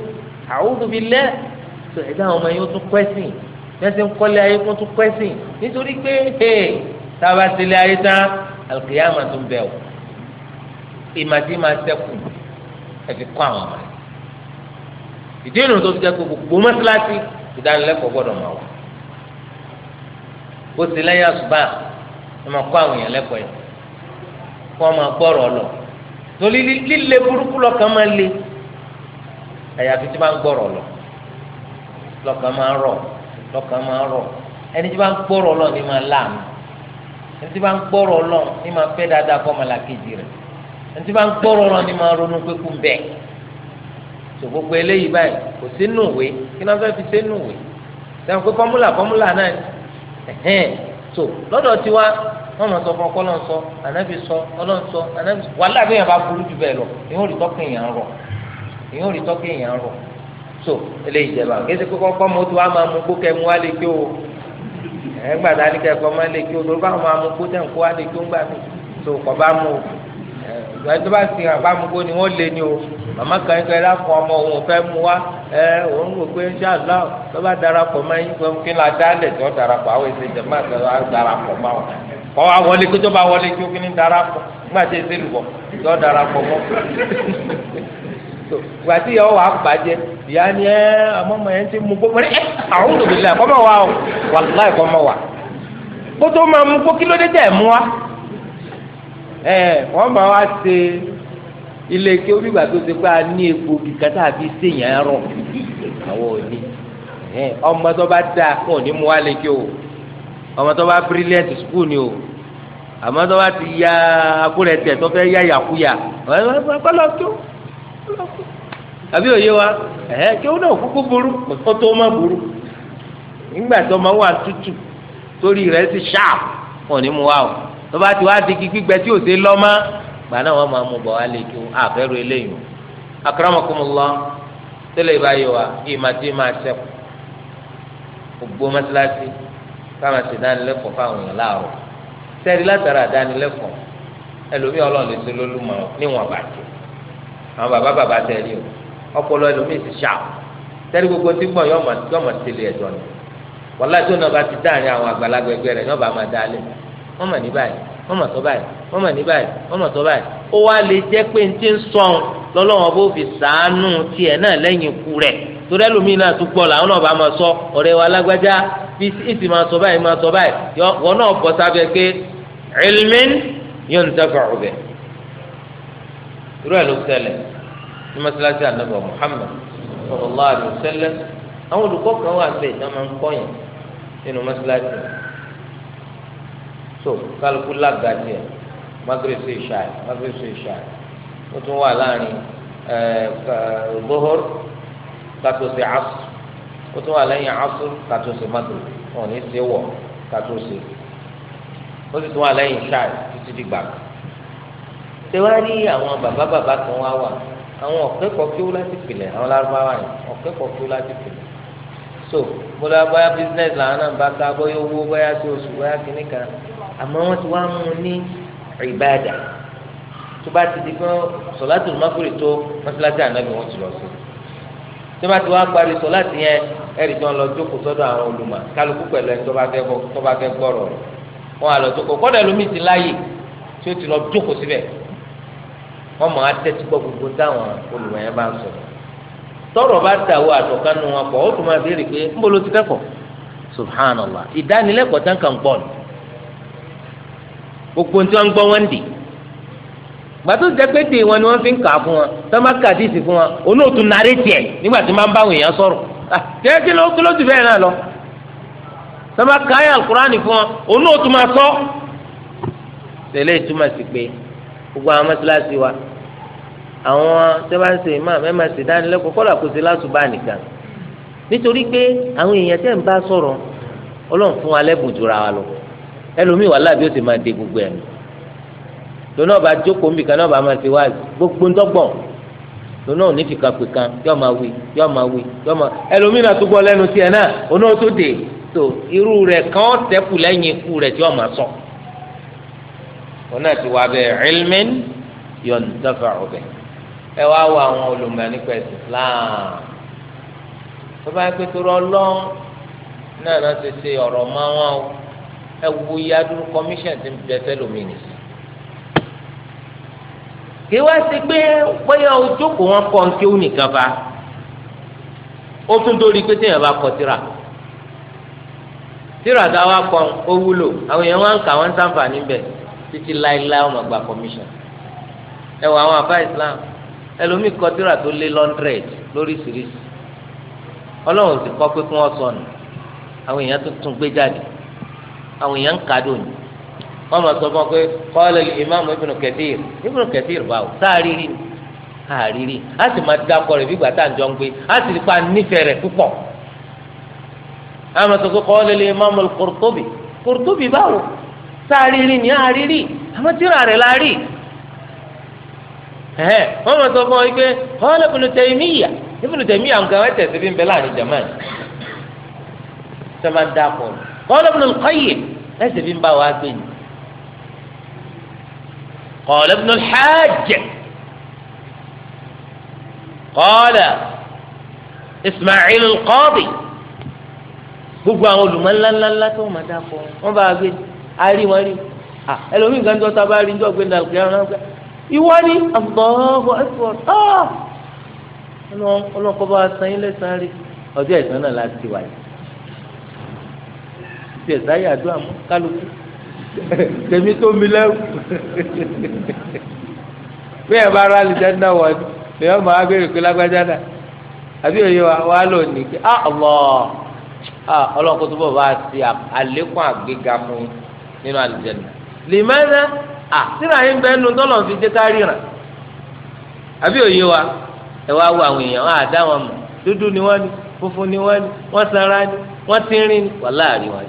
àwùjọ bíi lẹ́ tó ẹ̀dá àwọn ọmọ yẹn ó tún kwẹ́sìn yẹn kọ́lé ayé kó tún kwẹ́sìn nítorí pé tába sílé ayé tán àlùkìyàmà tó ń bẹ̀ ọ́ ìmàdí máa sẹ́kù ẹ̀fi kọ́ àwọn ọmọ rẹ̀ ìdí ìrìn tó fi jẹ́ gbogbo mọ́sálásí ìdánilẹ́kọ̀ọ́ gbọ́dọ̀ máa wà ó ti lẹ́yìn àṣùbà ẹ máa kọ́ àwọn èèyàn lẹ́kọ̀ọ́ yẹn kó wọn máa gbọ́rọ̀ lọ torí líle burúkú lọ́kàn máa le àyàfi tí máa ń gbọ́rọ̀ lọ lọ́kàn máa ń rọ̀ lọ́kàn máa ń rọ̀ ẹni tí máa gbọ́rọ̀ lọ ni máa láàmú ẹni tí máa gbọ́rọ̀ lọ ni máa fẹ́ dáadáa fọ́ ọmọlàkejì rẹ̀ ẹni tí máa gbọ́rọ̀ lọ ni máa ronú pé kú bẹ́ẹ̀ tó gbogbo eléyìí báyìí kò sí nùwé kí náà fẹ́ẹ́ fi ṣe nùwé sẹ́wọ̀n pé fọ́múlà fọ́múlà náà ẹ̀hẹ́n tó lọ́dọ̀ tiwa wọ́n mọ̀ sọ fún ọkọ ọlọ́run sọ ànábì sọ ọlọ́run sọ ànábì sọ wàhálà bí èèyàn bá burú jù bẹ́ẹ̀ lọ èèyàn ò rí tọ́kì èèyàn rọ̀ èèyàn ò rí tọ́kì èèyàn rọ̀ tó eléyìí jẹba kéde kókó ọkọ mọ tó wà máa mú kó kẹ mú wá lè kí o ẹgbàdá ni kẹ kọ máa lè kí o lórúkọ àwọn máa mú kó tẹ̀ ń kó o ń gbà mí ìgbà tó bá ti hàn ni wọ́n lé ni o màmá kan yín afọ ọmọ òun fẹ́ mu ẹ òun rò pé tó bá darapọ̀ mọ́ yín kí n tó darapọ̀ àwọn èsì jẹ̀mọ́ àti darapọ̀ mọ́ kọ́ wa wọlé tó bá wọlé kí ó kí darapọ̀ nígbà tí èsì lùbọ̀ tó darapọ̀ mọ́ (laughs) ìgbà tí ẹ yẹn gbogbo ẹ àwọn o ẹ wọn máa wá ṣe ilé kí onígbà tó ṣe pé a ní epo kìkátà àbí sèyàn rọ àwọn òní ọmọ tó bá da kò ní mú wá lè kí o ọmọ tó bá brilliant school ni o àmọ́ tó bá ti ya akúrẹ̀tẹ̀ tó fẹ́ yá yàkúyà ọ̀rẹ́ lọ kí o àbí òye wa ẹ̀ kí o náà kúkú burú kó tó má burú nígbà tó máa wà tútù torí rẹ̀ ti ṣáà kò ní mú wá o tó bá ti wá di gbígbẹ tí ò sí lọ́mọ́ gbà náà wọ́n máa mú bọ̀ wá lè kí o àfẹ́rù eléyìí akramakumullah tẹ́lẹ̀ ìbáyé wa kí ìmà tí máa ṣẹ́kù gbogbo mọ́sálásí káwọn ṣe dánilẹ́kọ̀ọ́ fáwọn èèyàn láàárọ̀ sẹ́ẹ̀rí látara dánilẹ́kọ̀ọ́ ẹlòmíì ọlọ́run lè ṣe lólúmọ̀ níwọ̀n bàjẹ́ àwọn bàbá bàbá tẹ̀lé o ọpọlọ ẹlòmíì ti ṣá sẹ́ẹ̀rí gbogbo tí gbọ̀n yọ̀ọ̀mọ̀ tẹ̀lé ẹ̀jọ̀ ni wọ́n náà bá ti dáàrin àwọn àgbàlagbẹ̀gbẹ̀ rẹ̀ náà máa dá lẹ́nu wọ́n mà ní báyìí wọ́n mà sọ báyìí wọ́n mà ní báyìí wọ́n mà sọ báyìí ó wá lè jẹ́ pé ní ti ń sọ̀n lọ́lọ́wọ́n bó fi sàánú tiẹ̀ náà lẹ́yìn ikú rẹ̀ torí ẹlòmíì náà tún gbọ́ làwọn náà sọ ọ̀rẹ́ wa lágbájá bí ìsì máa sọ báyìí máa sọ báyìí náà bọ́ sábẹ́ pé ilmin yóò ń tẹ́fà ọ̀bẹ. irú ẹ̀ ló ní sallallahu àwọn olùkọ́ kan wà ń so kálukú lágàdì ẹ magrese ṣáì magrese ṣáì ó tún wà láàrin gbóhóró eh, kátó sí asùn ó tún wà lẹ́yìn asùn kátó sí magrese wọn ò ní sí wọ kátó sí ó sì tún wà lẹ́yìn ṣáì títí dìgbà kan tẹwárí àwọn bàbá bàbá kan wá wà àwọn ọ̀kẹ́kọ̀ọ́ kí ó láti pìlẹ̀ àwọn lárúbáwá yẹn ọ̀kẹ́kọ̀ọ́ kí láti pìlẹ̀ so mo lọ bá business làwọn náà bá ká bóyá owó bóyá sí oṣù bóyá kíní àmọ́ wọ́n ti wá mú un ní ìbáàdà tó bá ti di pé sọ̀láàtì lùmọ́kùnrin tó mọ́sálásí ànábì wọ́n ti lọ sí tó bá ti wá parí sọ̀láàtì yẹn ẹ̀rì tó ń lọ jókòó sọ́dọ̀ àwọn olùmọ̀ kálukú pẹ̀lú ẹni tó bá fẹ́ gbọ́rọ̀ rẹ̀ wọ́n á lọ jókòó kọ́dọ̀ ẹlòmíì ti láàyè tí ó ti lọ jókòó síbẹ̀ wọ́n mọ̀ á tẹ́tí gbọ́ gbogbo táwọn olùmọ̀ yẹn bá ń sọ̀rọ̀ tọrọ bá ta wo wọn pọ ó tún máa béèrè pé ńbọ ti kẹ́kọ̀ọ́ subhanallah ìdánilẹ́kọ̀ọ́ tán kàn gbọ gbogbo tí wọ́n gbọ́ wọ́n dì gbàtó jẹ́pẹ́ dè wọn ni wọ́n fi ń kà á fún wọn tọ́mọ́ kàdíìsì fún wọn onóòtú nàárẹ̀ tiẹ̀ nígbà tí máa ń báwọn èèyàn sọ̀rọ̀ tẹ́tí ah, ló kí ló ti bẹ́ẹ̀ náà lọ tọ́mọ́ káyà alukurani fún wọn onóòtú máa sọ. tẹ̀lé ìtumọ̀ sí pé gbogbo àwọn mọ́tíláṣí wa àwọn sẹ́wáǹsì imam ẹ̀ máa ṣe dánilẹ́kọ̀ọ́ kọ́lá kò sí lásùbà nìkan nítorí pé àwọn èèyàn tẹ́ ń bá sọ̀rọ̀ ọlọ́run fún wa lẹ́bùn jura wa lọ ẹlòmíì wà láàbí ó sì máa de gbogbo ẹ̀mí lónà ọba jókòó nbìkan náà ọba máa ti wá gbogbo ńdọ́gbọ̀n lónà òní fìkà pè kan yọ máa wí yọ máa wí yọ máa ẹlòmíì náà tó gbọ́ lẹ́nu tiẹ̀ náà ònà ó tó dé tó irú rẹ̀ kàn tẹ́kù lẹ́yìn ikú rẹ̀ tí wọ́n máa sọ òun náà ti wá bẹ ilmin yọ̀ǹdọ́fà ọ̀bẹ ẹ wá wọ àwọn olùmọ̀ nípa ẹ̀sìn Islam tó bá yẹ pé tó rọ lọ́ ẹ wo iye commission ti ń bẹ fẹlómìnì kí wá sí pé bóyá ojókòó wọn kọ ní kí ó nìkan fa ó tún dórí pé téèyàn bá kọ tírà tírà tá a wá kọ ó wúlò àwọn èèyàn wá ń kà wọn sáǹfà níbẹ̀ títí láéláé wọn gba commission ẹ wọ àwọn àbá islam ẹlòmíì kọ tírà tó lé lọ́ndrẹ̀d lóríṣiríṣi ọlọ́run ti kọ́ pé kí wọ́n sọnù àwọn èèyàn tó tún gbé jáde àwọn èèyàn ń kà dùn wọn máa sọ fún ọ pé kọ́lẹ̀ ìmáàmù Ibn Kathir Ibn Kathir báwo sáàrí rí sáàrí rí a sì máa dákọ rẹ̀ bígbà tá à ń jọ ń gbé a sì rí pa nífẹ̀ẹ́ rẹ̀ púpọ̀ a máa kọ́lẹ̀ ìmáàmù Qurtubi Qurtubi báwo sáàrí rí ni àárí rí àmọ́ tíra rẹ̀ la rí ẹ̀hẹ́n wọ́n máa sọ fún ọ pé kọ́lẹ̀ Ibn Taymiyyah Ibn Taymiyyah nǹkan ẹ̀ tẹ̀sí bí ń bẹ láàrin jàmáà ẹsẹ̀ fi ń bá wa gbé ni. قال ابن الحاج قال إسماعيل القاضي gbogbo àwọn olùmọ̀ ńláńláńlá tó wọn máa dá fọ wọn bá gbé àárín wọn rí à ẹlòmíì gan jọta bá rí njọ gbé ní àlùkò yàrá gbé ìwọ ni àbọ̀wọ̀ ẹ̀fọ́ ọlọ́kọ̀ bá san ilé san rí ọjọ́ náà láti wáyé. tiẹ̀ sáyé àdúrà mọ́ kálukú tèmi tó mi lẹ́wù bí ẹ bá rálì jẹ́ndà wọ̀ ni lèyàn máa béèrè pé lágbájá náà àbí òye wa wà lónìí kí á ọmọ ọlọ́kùn tó bọ̀ bá ti àlékún àgbéga nínú àlùjẹ́nà lèmọ́nà à ah, sínú àyè ń bẹ́ẹ̀ nu fi jẹ́ ni wọ́n ní funfun ni wọ́n ní wọ́n sanra wọ́n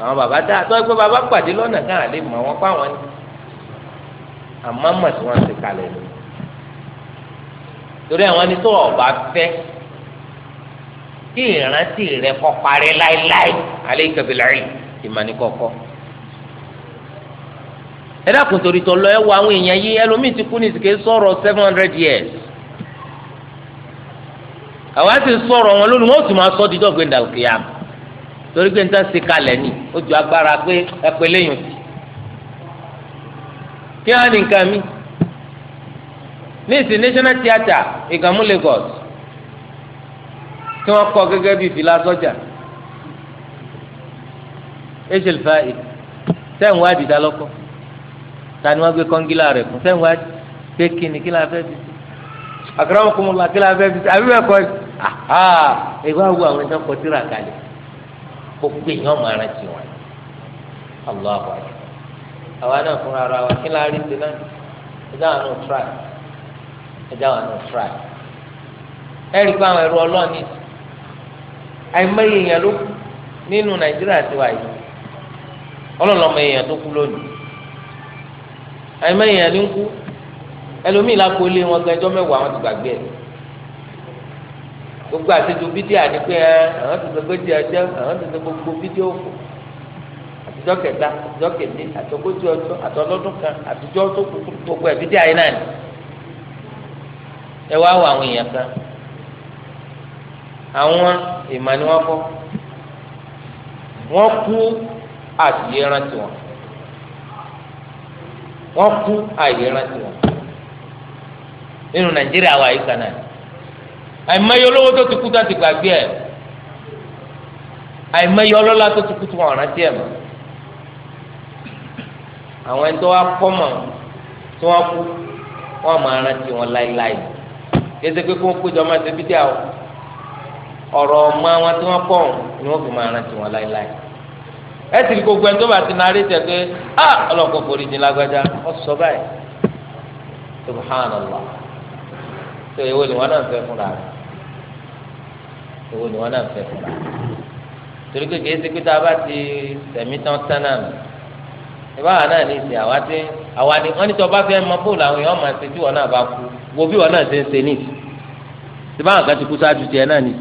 àwọn bàbá dáa tó ẹgbẹ́ bàbá pàdé lọ́nà kan àlè mọ̀ wọ́n pa wọn ni àmọ́ mọ̀ tí wọ́n ti kalẹ̀ lọ. torí àwọn ẹni tó ọba fẹ́ kí ìrántí rẹ kọ́ parí láéláé alẹ́ ìkẹbìlẹ́rì ìmọ̀ni kọ̀ọ̀kọ́. ẹ dákun torí tọ́ lọ ẹ wo àwọn èèyàn yìí ẹlòmíì ti kú ní ìsìnkè sọ̀rọ̀ seven hundred years. àwa ti sọ̀rọ̀ wọn lónìí wọ́n sì máa sọ́ dídọ́gbẹ́ndàlùkìyàmù torí pé níta ṣe kalẹ̀ ni ó ju agbára pé ẹ̀pẹ́ lẹ́yìn òsì kí wọ́n á nǹkan mi ní national theatre ìgànmú Lagos tí wọ́n kọ́ gẹ́gẹ́ bíi fìlà sọ́jà ẹ̀ṣẹ̀ fà é sẹ́yìn wá ta ni wọ́n gbé kọ́ngílà rẹ̀ fún sẹ́yìn wá gbé kíni kí la fẹ́ fi àkàrà wọn la kí la fẹ́ fi àbí bẹ́ẹ̀ kọ́ ẹ̀ aha ìwà wo àwọn ẹ̀ṣẹ̀ tíra kalẹ̀ gbogbo èèyàn máa rántí wọn allah akọ̀yẹ àwa náà fúnra ara wa kí láàrin ti náà ẹja wà nù tíráì ẹja wà nù tíráì ẹ rí i pé àwọn ẹrú ọlọ́ọ̀ni àìmọye èèyàn ló nínú nàìjíríà ti wà yìí ọlọ́ọ̀lọ́mọ èèyàn tó kú lónìí àìmọye èèyàn ló ń kú ẹlòmíì lápò ilé wọn gan ẹjọ́ mẹ́wàá wọn ti gbàgbé ẹ̀ gbogbo àtẹjọ fídíò àti pé àwọn tuntun gbèsè ọjọ́ àwọn tuntun gbogbo fídíò òfò àtijọ́ kẹta àtijọ́ kẹta àtọgbójì ọjọ́ àtọlọ́dún kan àtijọ́ tó kúkú gbogbo ẹ̀ fídíò ayé náà ni ẹ wá wọ àwọn èèyàn kan àwọn ìmọ̀ ni wọ́n kọ́ wọ́n kú àyè rántí wọn wọ́n wọn nínú Nàìjíríà wà yìí àìmọye olówó tó ti kú tó ti gbàgbé ẹ̀ àìmọye ọlọ́lá tó ti kú tó wọn rántí ẹ̀ mọ́ àwọn ẹni tó wá kọ́ mọ̀ tí wọ́n kú wọ́n máa rántí wọn láéláé kéde pé kí wọ́n péjọ máa ṣe bídíà o ọ̀rọ̀ ọmọ àwọn tí wọ́n kọ́ ni wọ́n fi máa rántí wọn láéláé ẹ sì gbogbo ẹni tó bá ti narí tẹ pé a ọlọ́kọ̀ forí jìn lágbájá ọ sọ báyìí subhanallah tó ìwé ni wọn náà fẹ́ fúnra rẹ̀ owó ni wọ́n náà fẹ́ fún wa torí pé kìí ṣe pé tá a bá ti tẹ̀mí tán tán náà nù ìbá wa náà ní ìsìn àwa tí àwa ni wọ́n ní tí wọ́n bá fẹ́ mọ bóòlù àwọn èèyàn máa ṣe tí wọ́n náà bá kú wo bí wọ́n náà ṣe ń ṣe ní ìsìn tí báwọn kan ti kú sáájú tiẹ̀ náà ní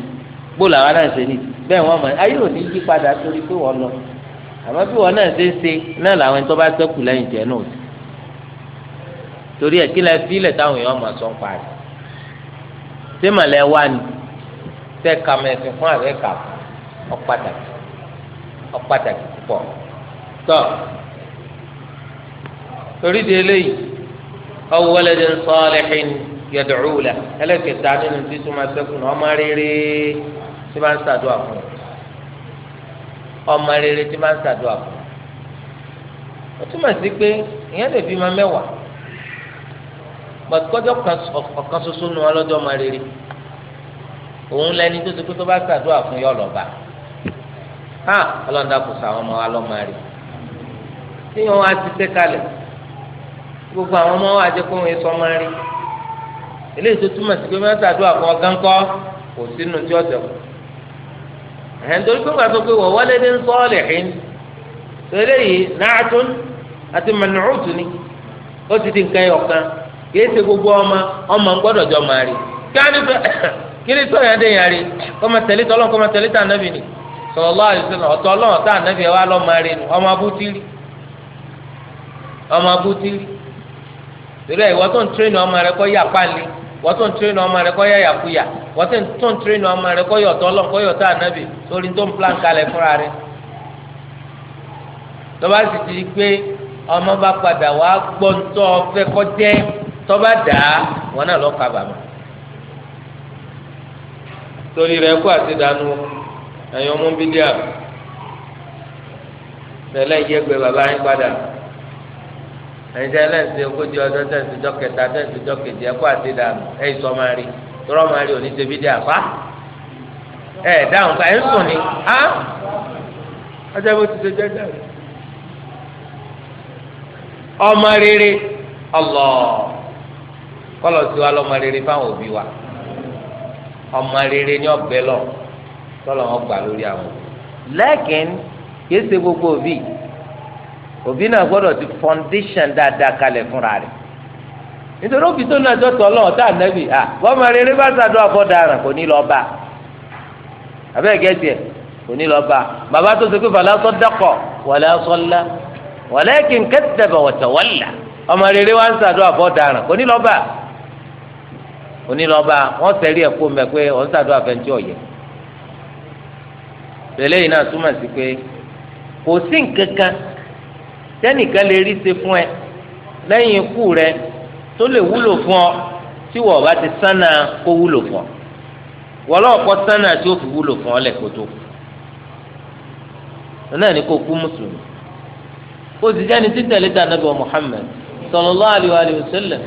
bóòlù àwa náà ṣe ní ìsìn bẹ́ẹ̀ wọ́n mọ̀ ayé ò ní yí padà torí pé wọ́n lọ àmọ́ bí wọ́n náà ṣe ń ṣe náà làwọn ẹni tó bá ṣẹ́kù lẹ́yìn tiẹ̀ náà torí ẹ̀ kí lẹ fílẹ̀ táwọn èèyàn máa sọ ń parí ṣé màlẹ́ wá ni tẹ kàmẹsìn fún àbẹ kà ọpàtàkì ọpàtàkì púpọ̀ tọ torí di eléyìí ọwọlẹdẹ sọọlẹhìn yẹdùrúwùlà ẹlẹkẹta nínú títún máa sẹkùn ọmọ rere tí máa ń ṣàdúrà fún ọmọ rere tí máa ń ṣàdúrà fún ó túmọ̀ sí pé ìyẹn lè fi máa mẹ́wàá bàtúkọ́jọ́ kan ṣoṣo nu ọlọ́jọ́ ọmọ rere. òun lẹni tó ti pé tó bá ṣàdúrà fún yọ lọba. ha ọlọ́dà kò sàwọn ọmọ wa tí wá ti tẹ́ gbogbo àwọn ọmọ wa jẹ́ kó sọ ọmọ rẹ̀ eléyìí tó túmọ̀ sí pé wọ́n ṣàdúrà fún ọgán kọ́ kò sínú tí ọ̀sẹ̀ kù ẹ̀hìn torí pé wọ́n sọ pé wọ́n wọlé ní sọ́ọ̀lì ẹ̀hìn eléyìí nàátún àti ni ó ti di nǹkan kì í ṣe gbogbo ọmọ ọmọ ń gbọ́dọ̀ jọ màrí kí á (coughs) kíni tó yẹn dé yẹn rí kọ́mọ tẹ̀lé tọ́lọ́ kọ́mọ tẹ̀lé tà nàbì ni sallallahu alaihi wasallam ọ̀tọ̀ ọlọ́run tà nàbì ẹ̀ wá lọ́ máa rí ni ọmọ abútírì ọmọ abútírì torí ẹ̀ wọ́n tó ń tírínì ọmọ rẹ kọ́ yà pálí wọ́n tó ń tírínì ọmọ rẹ kọ́ yà yàkuyà wọ́n tó ń torí rẹ kó àti dànù ẹ̀yin ọmọ bídíà tẹ̀lé ìyẹ́gbẹ́ bàbá yín padà ẹ̀yin tẹ́lẹ̀ ń ṣe ogójì ọjọ́ tẹ̀sí jọ kẹta tẹ̀sí jọ kejì ẹ̀kọ́ àti sọ máa rí máa rí òní dáhùn ká ń sùn ni á bó ti ṣe ọmọ wa wa. ọmọ rere ní ọbẹ lọ tọlọ wọn gbà lórí àwọn lẹ́kìn kìí ṣe gbogbo òbí òbí náà gbọ́dọ̀ ti foundation dáadáa kalẹ̀ fúnra rẹ̀ nítorí òbí tó náà jọ tọ́ lọ́wọ́ tá à nẹ́bì à ọmọ rere bá ṣàdúrà fọ́daràn kò ní lọ bá abẹ́ẹ̀ gẹ́tì ẹ̀ kò ní lọ bá bàbá tó ṣe pé fàlà sọ dẹ́kọ̀ wàlẹ́ sọ ńlá wàlẹ́ kìí kẹ́tẹ̀bẹ̀ wọ̀tẹ̀wọ́là ọmọ rere wá ń ṣàdúrà fọ́daràn kò ní lọ bá onílọ́ba wọ́n sẹ́rí ẹ̀kọ́ mẹ́ pé ọ̀n ṣàdúrà fẹ́ntì ọ̀yẹ́ tẹ̀lé yìí náà túmọ̀ sí pé kò sí nǹkankan tẹ́nìkan lè rí ṣe fún ẹ lẹ́yìn ikú rẹ tó lè wúlò fún ọ tí wọ́n bá ti sánà kó wúlò fún ọ wọ́n lọ́wọ́ kọ́ sánà tí ó fi wúlò fún ọ lẹ́kọ̀tọ́ náà ni kò kú mùsùlùmí ó sì jẹ́ni títẹ̀lé tà nàbẹ̀ Muhammad sallallahu alaihi wa sallam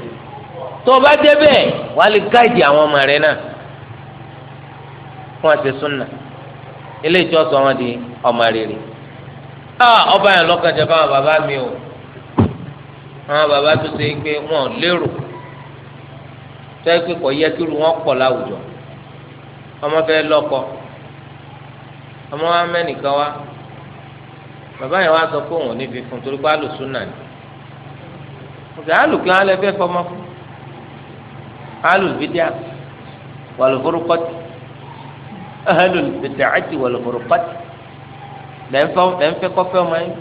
tó o bá débẹ̀ wàá lè gáàdì àwọn ọmọ rẹ náà fún àti súnà ilé ìjọsọ wọn di ọmọ rere ọba yẹn lọ́kàn jẹ́ fáwọn bàbá mi o àwọn bàbá tó ṣe pé wọn ò lérò tó yẹ pé kò yẹ kí irú wọn pọ̀ láwùjọ ọmọ fẹ́ lọ́kọ ọmọ wa mẹ́nìkan wá bàbá yẹn wá sọ pé òun ò ní fi fún torí pé àlùsùn náà ni ọ̀gá àlùkí wọn lè fẹ́ fọmọ fún alul bidia wal furqat ahlul bid'ati wal furqat lẹ́nfẹ́ kọ́fẹ́ ọmọ yẹn.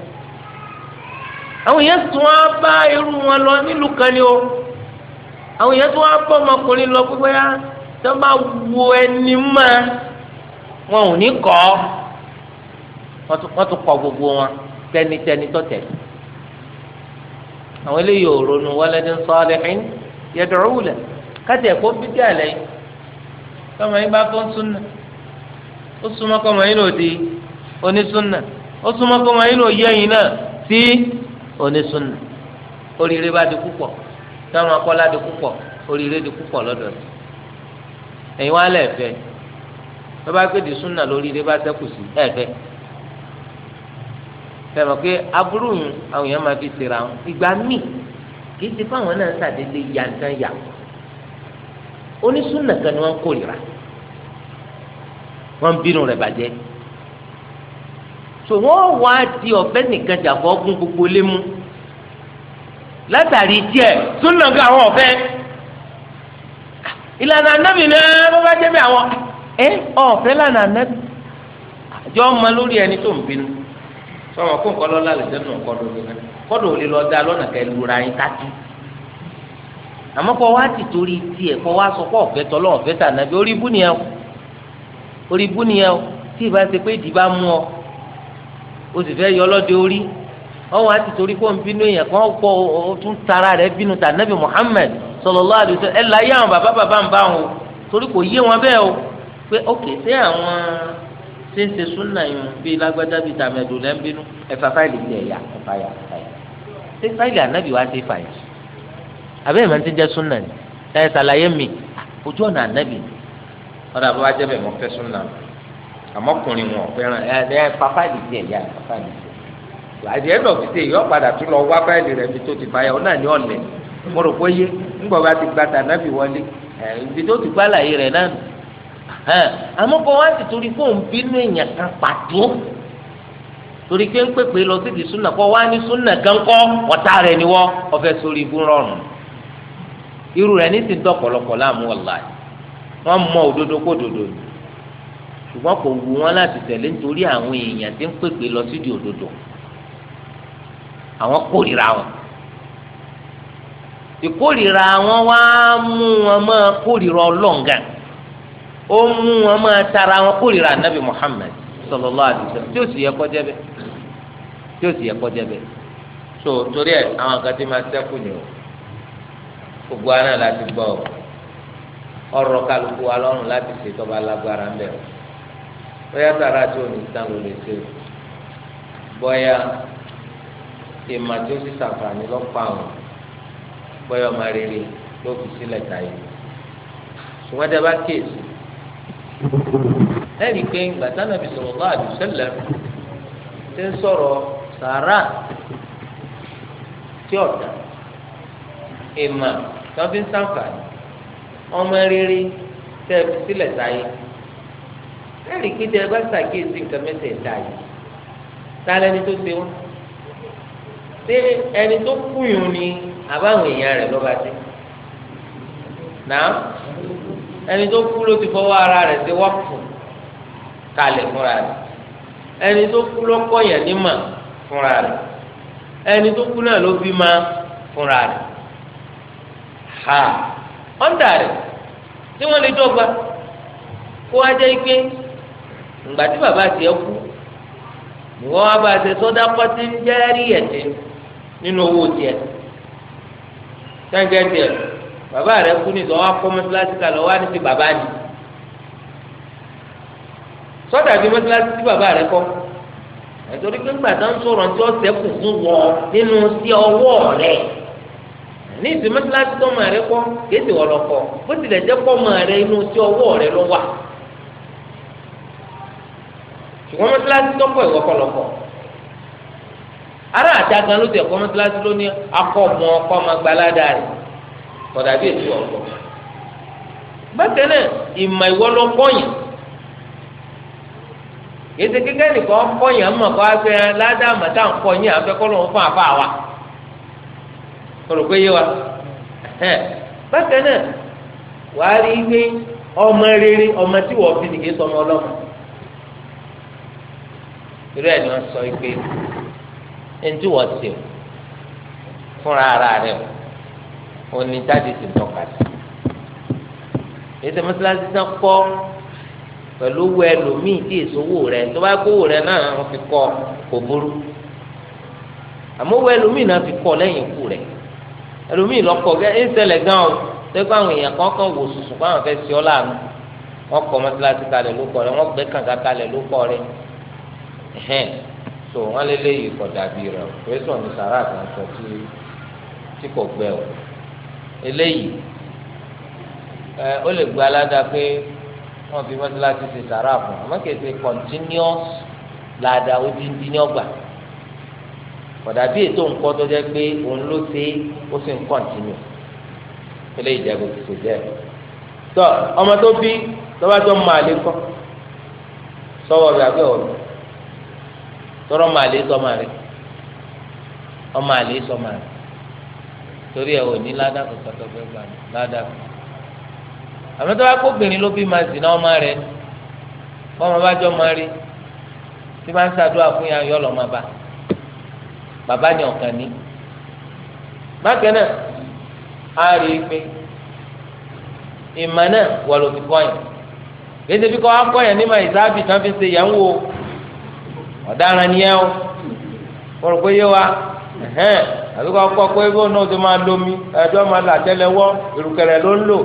àwọn yẹn tún á bá irú wọn lọ nílùú kan ni o àwọn yẹn tún á bá ọmọkùnrin lọ pípẹ́ yá tó bá wo ẹni mọ́ wọn ò ní kọ́ wọ́n tún kọ́ gbogbo wọn tẹnitẹni tọ̀tẹ̀. àwọn eléyìí ò wọlé ní sọ́ọ́lẹ́hìn yẹ dọ̀rọ̀ wulẹ̀ káti ẹ̀kọ́ fídíò àlẹ́ yìí tọmọ yín bá fọ́n súnà ó súnmọ́ kọmọ yín lòdì onísúnà ó súnmọ́ kọmọ yín lòdì ẹ̀yìn náà sí onísúnà oríire bá di púpọ̀ táwọn akọ́lá di púpọ̀ oríire di púpọ̀ lọ́dọ̀ rẹ̀ ẹ̀yin wá lẹ̀ fẹ́ bàbá gbèdé súnà lóríire bá sẹ́kù sí ẹ̀ fẹ́ fẹ́ràn pé aburú yìí àwọn èèyàn máa fi ṣèrà ìgbà míì kì í ti fáwọn náà ṣàdédé yàtàn yàtọ̀ onísùnà kan ni wọ́n kórìíra wọ́n bínú rẹ̀ bàjẹ́ so wọ́n wá di ọ̀bẹ nìkan jàfọ ọgún gbogbo lé mú látàrí díẹ̀ súnà kan àwọn ọ̀fẹ́ ìlànà anábì náà bó bá jẹ́ bí àwọn ẹ ọ̀fẹ́ lànà anábì àjọ ọmọ lórí ẹni tó ń bínú sọ̀rọ̀ kó nǹkan lọ́la lè jẹ́ nù ọ̀kọ́ lórí rẹ̀ kọ́dọ̀ ò lè lọ da lọ́nà yín ká àmọ́ kọ́ wá ti torí tiẹ̀ kọ́ wá sọ pọ̀ ọ̀fẹ́ tọ́lọ́ ọ̀fẹ́ tà nàbí orí ibú nìyẹn o orí ibú nìyẹn o tí ì bá ṣe pé ìdí bá mú ọ o sì fẹ́ yọ ọlọ́dẹ orí wọ́n wá ti torí kó ń bínú èèyàn kan pọ̀ o tún tara rẹ̀ bínú tà nàbí Muhammad sallallahu alaihi wasallam ẹ̀ láyé àwọn bàbá bàbá ń bá wọn o torí kò yé wọn bẹ́ẹ̀ o pé ok ṣé àwọn ṣe ń ṣe súnà yìí bíi lágbádá bíi tàmẹ̀dù lẹ́ ń bínú ẹ̀fà fáìlì ti ẹ̀yà ẹ̀fà yà fáìlì ṣé fáìlì ànábì wá ṣe fàyè Abe ìmọ̀ ti jẹ́ súnà ni ẹ ṣàlàyé mi ojú ọ̀nà ànábì fẹ́ wọn fẹ́ràn ẹ ẹ pápá ìdí tiẹ̀ ya papa ìdí tiẹ̀ àti ẹ̀dọ̀ fi di. yọ tún lọ wá fáìlì ibi tó ti báyà ọ̀nà ni ọ̀lẹ̀ mo rò pé yé bá ti gba tànábì wọlé ibi tó ti gbàlàyé náà wá sì torí kó ń bínú èèyàn kan irú rẹ̀ ní sìn dọ̀pọ̀lọpọ̀ láàmú wàláì wọ́n mọ òdodo kó dodo ni ṣùgbọ́n kò wù wọ́n láti tẹ̀lé nítorí àwọn èèyàn tí ń pèpè lọ sídìí òdodo àwọn kórìíra wọn ìkórìíra wọn wá mú wọn máa kórìíra ọlọ́ǹgà ó mú wọn tara wọn kórìíra anabi muhammed sallallahu alaihi tí ó sì yẹ kọjá bẹ tí ó sì ti ni o. gbogbo aná láti gbọ́ ọ ọ̀rọ̀ kálukú wa lọ́rùn láti ṣe tọba lágbára ń bẹ o bóyá tààrà tí òní tán ló lè ṣe bóyá ìmà tí ó sì ṣàǹfààní lọ́pọ̀ àwọn bóyá ọmọ rere ló fi sílẹ̀ táyé ṣùgbọ́n tẹ bá kíyèsí lẹ́yìn pé gbàtánà bí sọ̀rọ̀ bá àdùsẹ́lẹ̀ ṣe ń sọ̀rọ̀ sàárà tí ọ̀dà ìmà tí wọ́n fi ń sàǹfààní ọmọ rere tẹ́ ẹ fi sílẹ̀ sáyé lẹ́yìn kí tẹ́ ẹ bá ṣàkíyèsí nǹkan mẹ́tẹ̀ẹ̀ta yìí sálẹ́ni tó ṣe wọ́n ṣé ẹni tó kúyùn ni àbáwọn èèyàn rẹ̀ lọ́ba dé náà ẹni tó kú ló ti fọwọ́ ara rẹ̀ ṣe wọ́pù kalẹ̀ fúnra rẹ̀ ẹni tó kú ló kọ̀yàn nímà fúnra rẹ̀ ẹni tó kú náà ló bí ma fúnra rẹ̀ ha ọ̀ndà rẹ̀ tí wọ́n lè dọ́gba kó wá jẹ́ ike ǹgbà tí bàbá tiẹ̀ kú ìwọ́n wá bá a ṣe sọ́dá pọ́tí ń jẹ́rìí ẹ̀dín nínú owó tiẹ̀ sẹ́ńkẹ́ tiẹ̀ bàbá rẹ̀ kú ní ìsọ̀wá kọ́ mọ́tíláṣí kalẹ̀ wá ní ti bàbá ni sọ́dà bíi mọ́tíláṣí tí bàbá rẹ̀ kọ́ ẹ̀tọ́rí pé ńgbà tó ń sọ̀rọ̀ tí ọ̀sẹ̀ kù fún wọn nínú sí ọwọ́ rẹ̀. ní ìsìn mọ́sálásí tó máa rẹ kọ́ kéde ọ̀rọ̀ bó tilẹ̀ jẹ́ kọ́ máa rẹ inú tí ọwọ́ rẹ lọ wà ṣùgbọ́n tó kọ́ ara àdágan ló tẹ̀ kọ́ mọ́sálásí ló ní akọ́ mọ́ máa kọ̀dà bí ètò ọ̀gbọ́ bákan náà ìmọ̀ ìwọ́ kọ́yìn kéde kíkẹ́ nìkan kọ́yìn mo rò pé yé wa bákan náà wàá rí i pé ọmọ rere ọmọ tí wọ́n fi nìké sọmọ ọlọ́mọ irú ẹ̀ ni wọ́n sọ pé ẹni tí wọ́n ti fúnra ara o ní ti tọ́ka sí ètò mọ́sálásí náà kọ́ pẹ̀lú owó ẹlòmíì tí èso owó rẹ tó bá kó owó náà wọ́n fi kọ́ kò burú àmọ́ owó ẹlòmíì fi kọ́ lẹ́yìn ikú ẹlòmíì lọkọ gẹ ẹ ń ṣẹlẹ̀ gan o sẹgbẹ àwọn èèyàn kan kan wò sùsù fún àwọn fẹẹ sí ọ láàánú wọn kọ mọtíláṣí kalẹ̀ ló kọ rẹ wọn gbẹ́ kàǹkà kalẹ̀ ló kọ rẹ ẹhẹn so wọn lé léyìí kọ dàbí rẹ o pẹsọ ní sàrà kan sọ tí tí kò gbẹ o eléyìí ẹ ó lè gba aládàá pé wọn fi mọtíláṣí ti sàrà fún àmọ́ kìí ṣe continuous làdà ó dín dín ní ọgbà kódà bí ètò nǹkan tó jẹ́ pé òun ló ṣe ó sì ń kọ́ntínú ilé ìjẹ́bù ti ṣe jẹ́ tọ ọmọ tó bí tọ́ba tó mọ àlè kọ́ sọ́wọ́ rẹ̀ àbẹ́ ọ̀rọ̀ tọ́rọ mọ àlè sọ́mọ rẹ̀ ọmọ àlè sọ́mọ rẹ̀ torí ẹ̀ ò ní ládàkọ̀ kọ́tọ́ fẹ́ gbà ní ládàkọ̀ àmọ́ tọ́ba kóbìnrin ló bí máa zìnà ọmọ rẹ̀ ọmọ bá jọ máa rí tí bá ń ṣàdúrà fún yàn yọ lọ́ọ́ máa bá a bàbá ni ọ̀kan ní. bákan náà a rí i pé ìmọ̀ náà wà ló ti kọ́ yẹn gbèsè bí kò wá kọ́ ní ma ìsáàbì tán fi ṣe yẹn ń wo ọ̀daràn o wọ́n rò pé yé wa àbí kò kọ́ pé bó náà tó máa lomi ẹjọ́ máa là tẹ́lẹ̀wọ́ ìrùkẹ̀rẹ̀ ló ń lò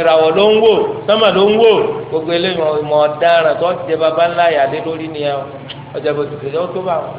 ìràwọ̀ ló ń wò sọ́mà ló ń wò gbogbo eléyìí mọ̀ ọ̀daràn tó ti jẹ baba ńlá yàdé lórí nìyẹn o ọjà bó ti tẹ̀lé ó tó bá wọn.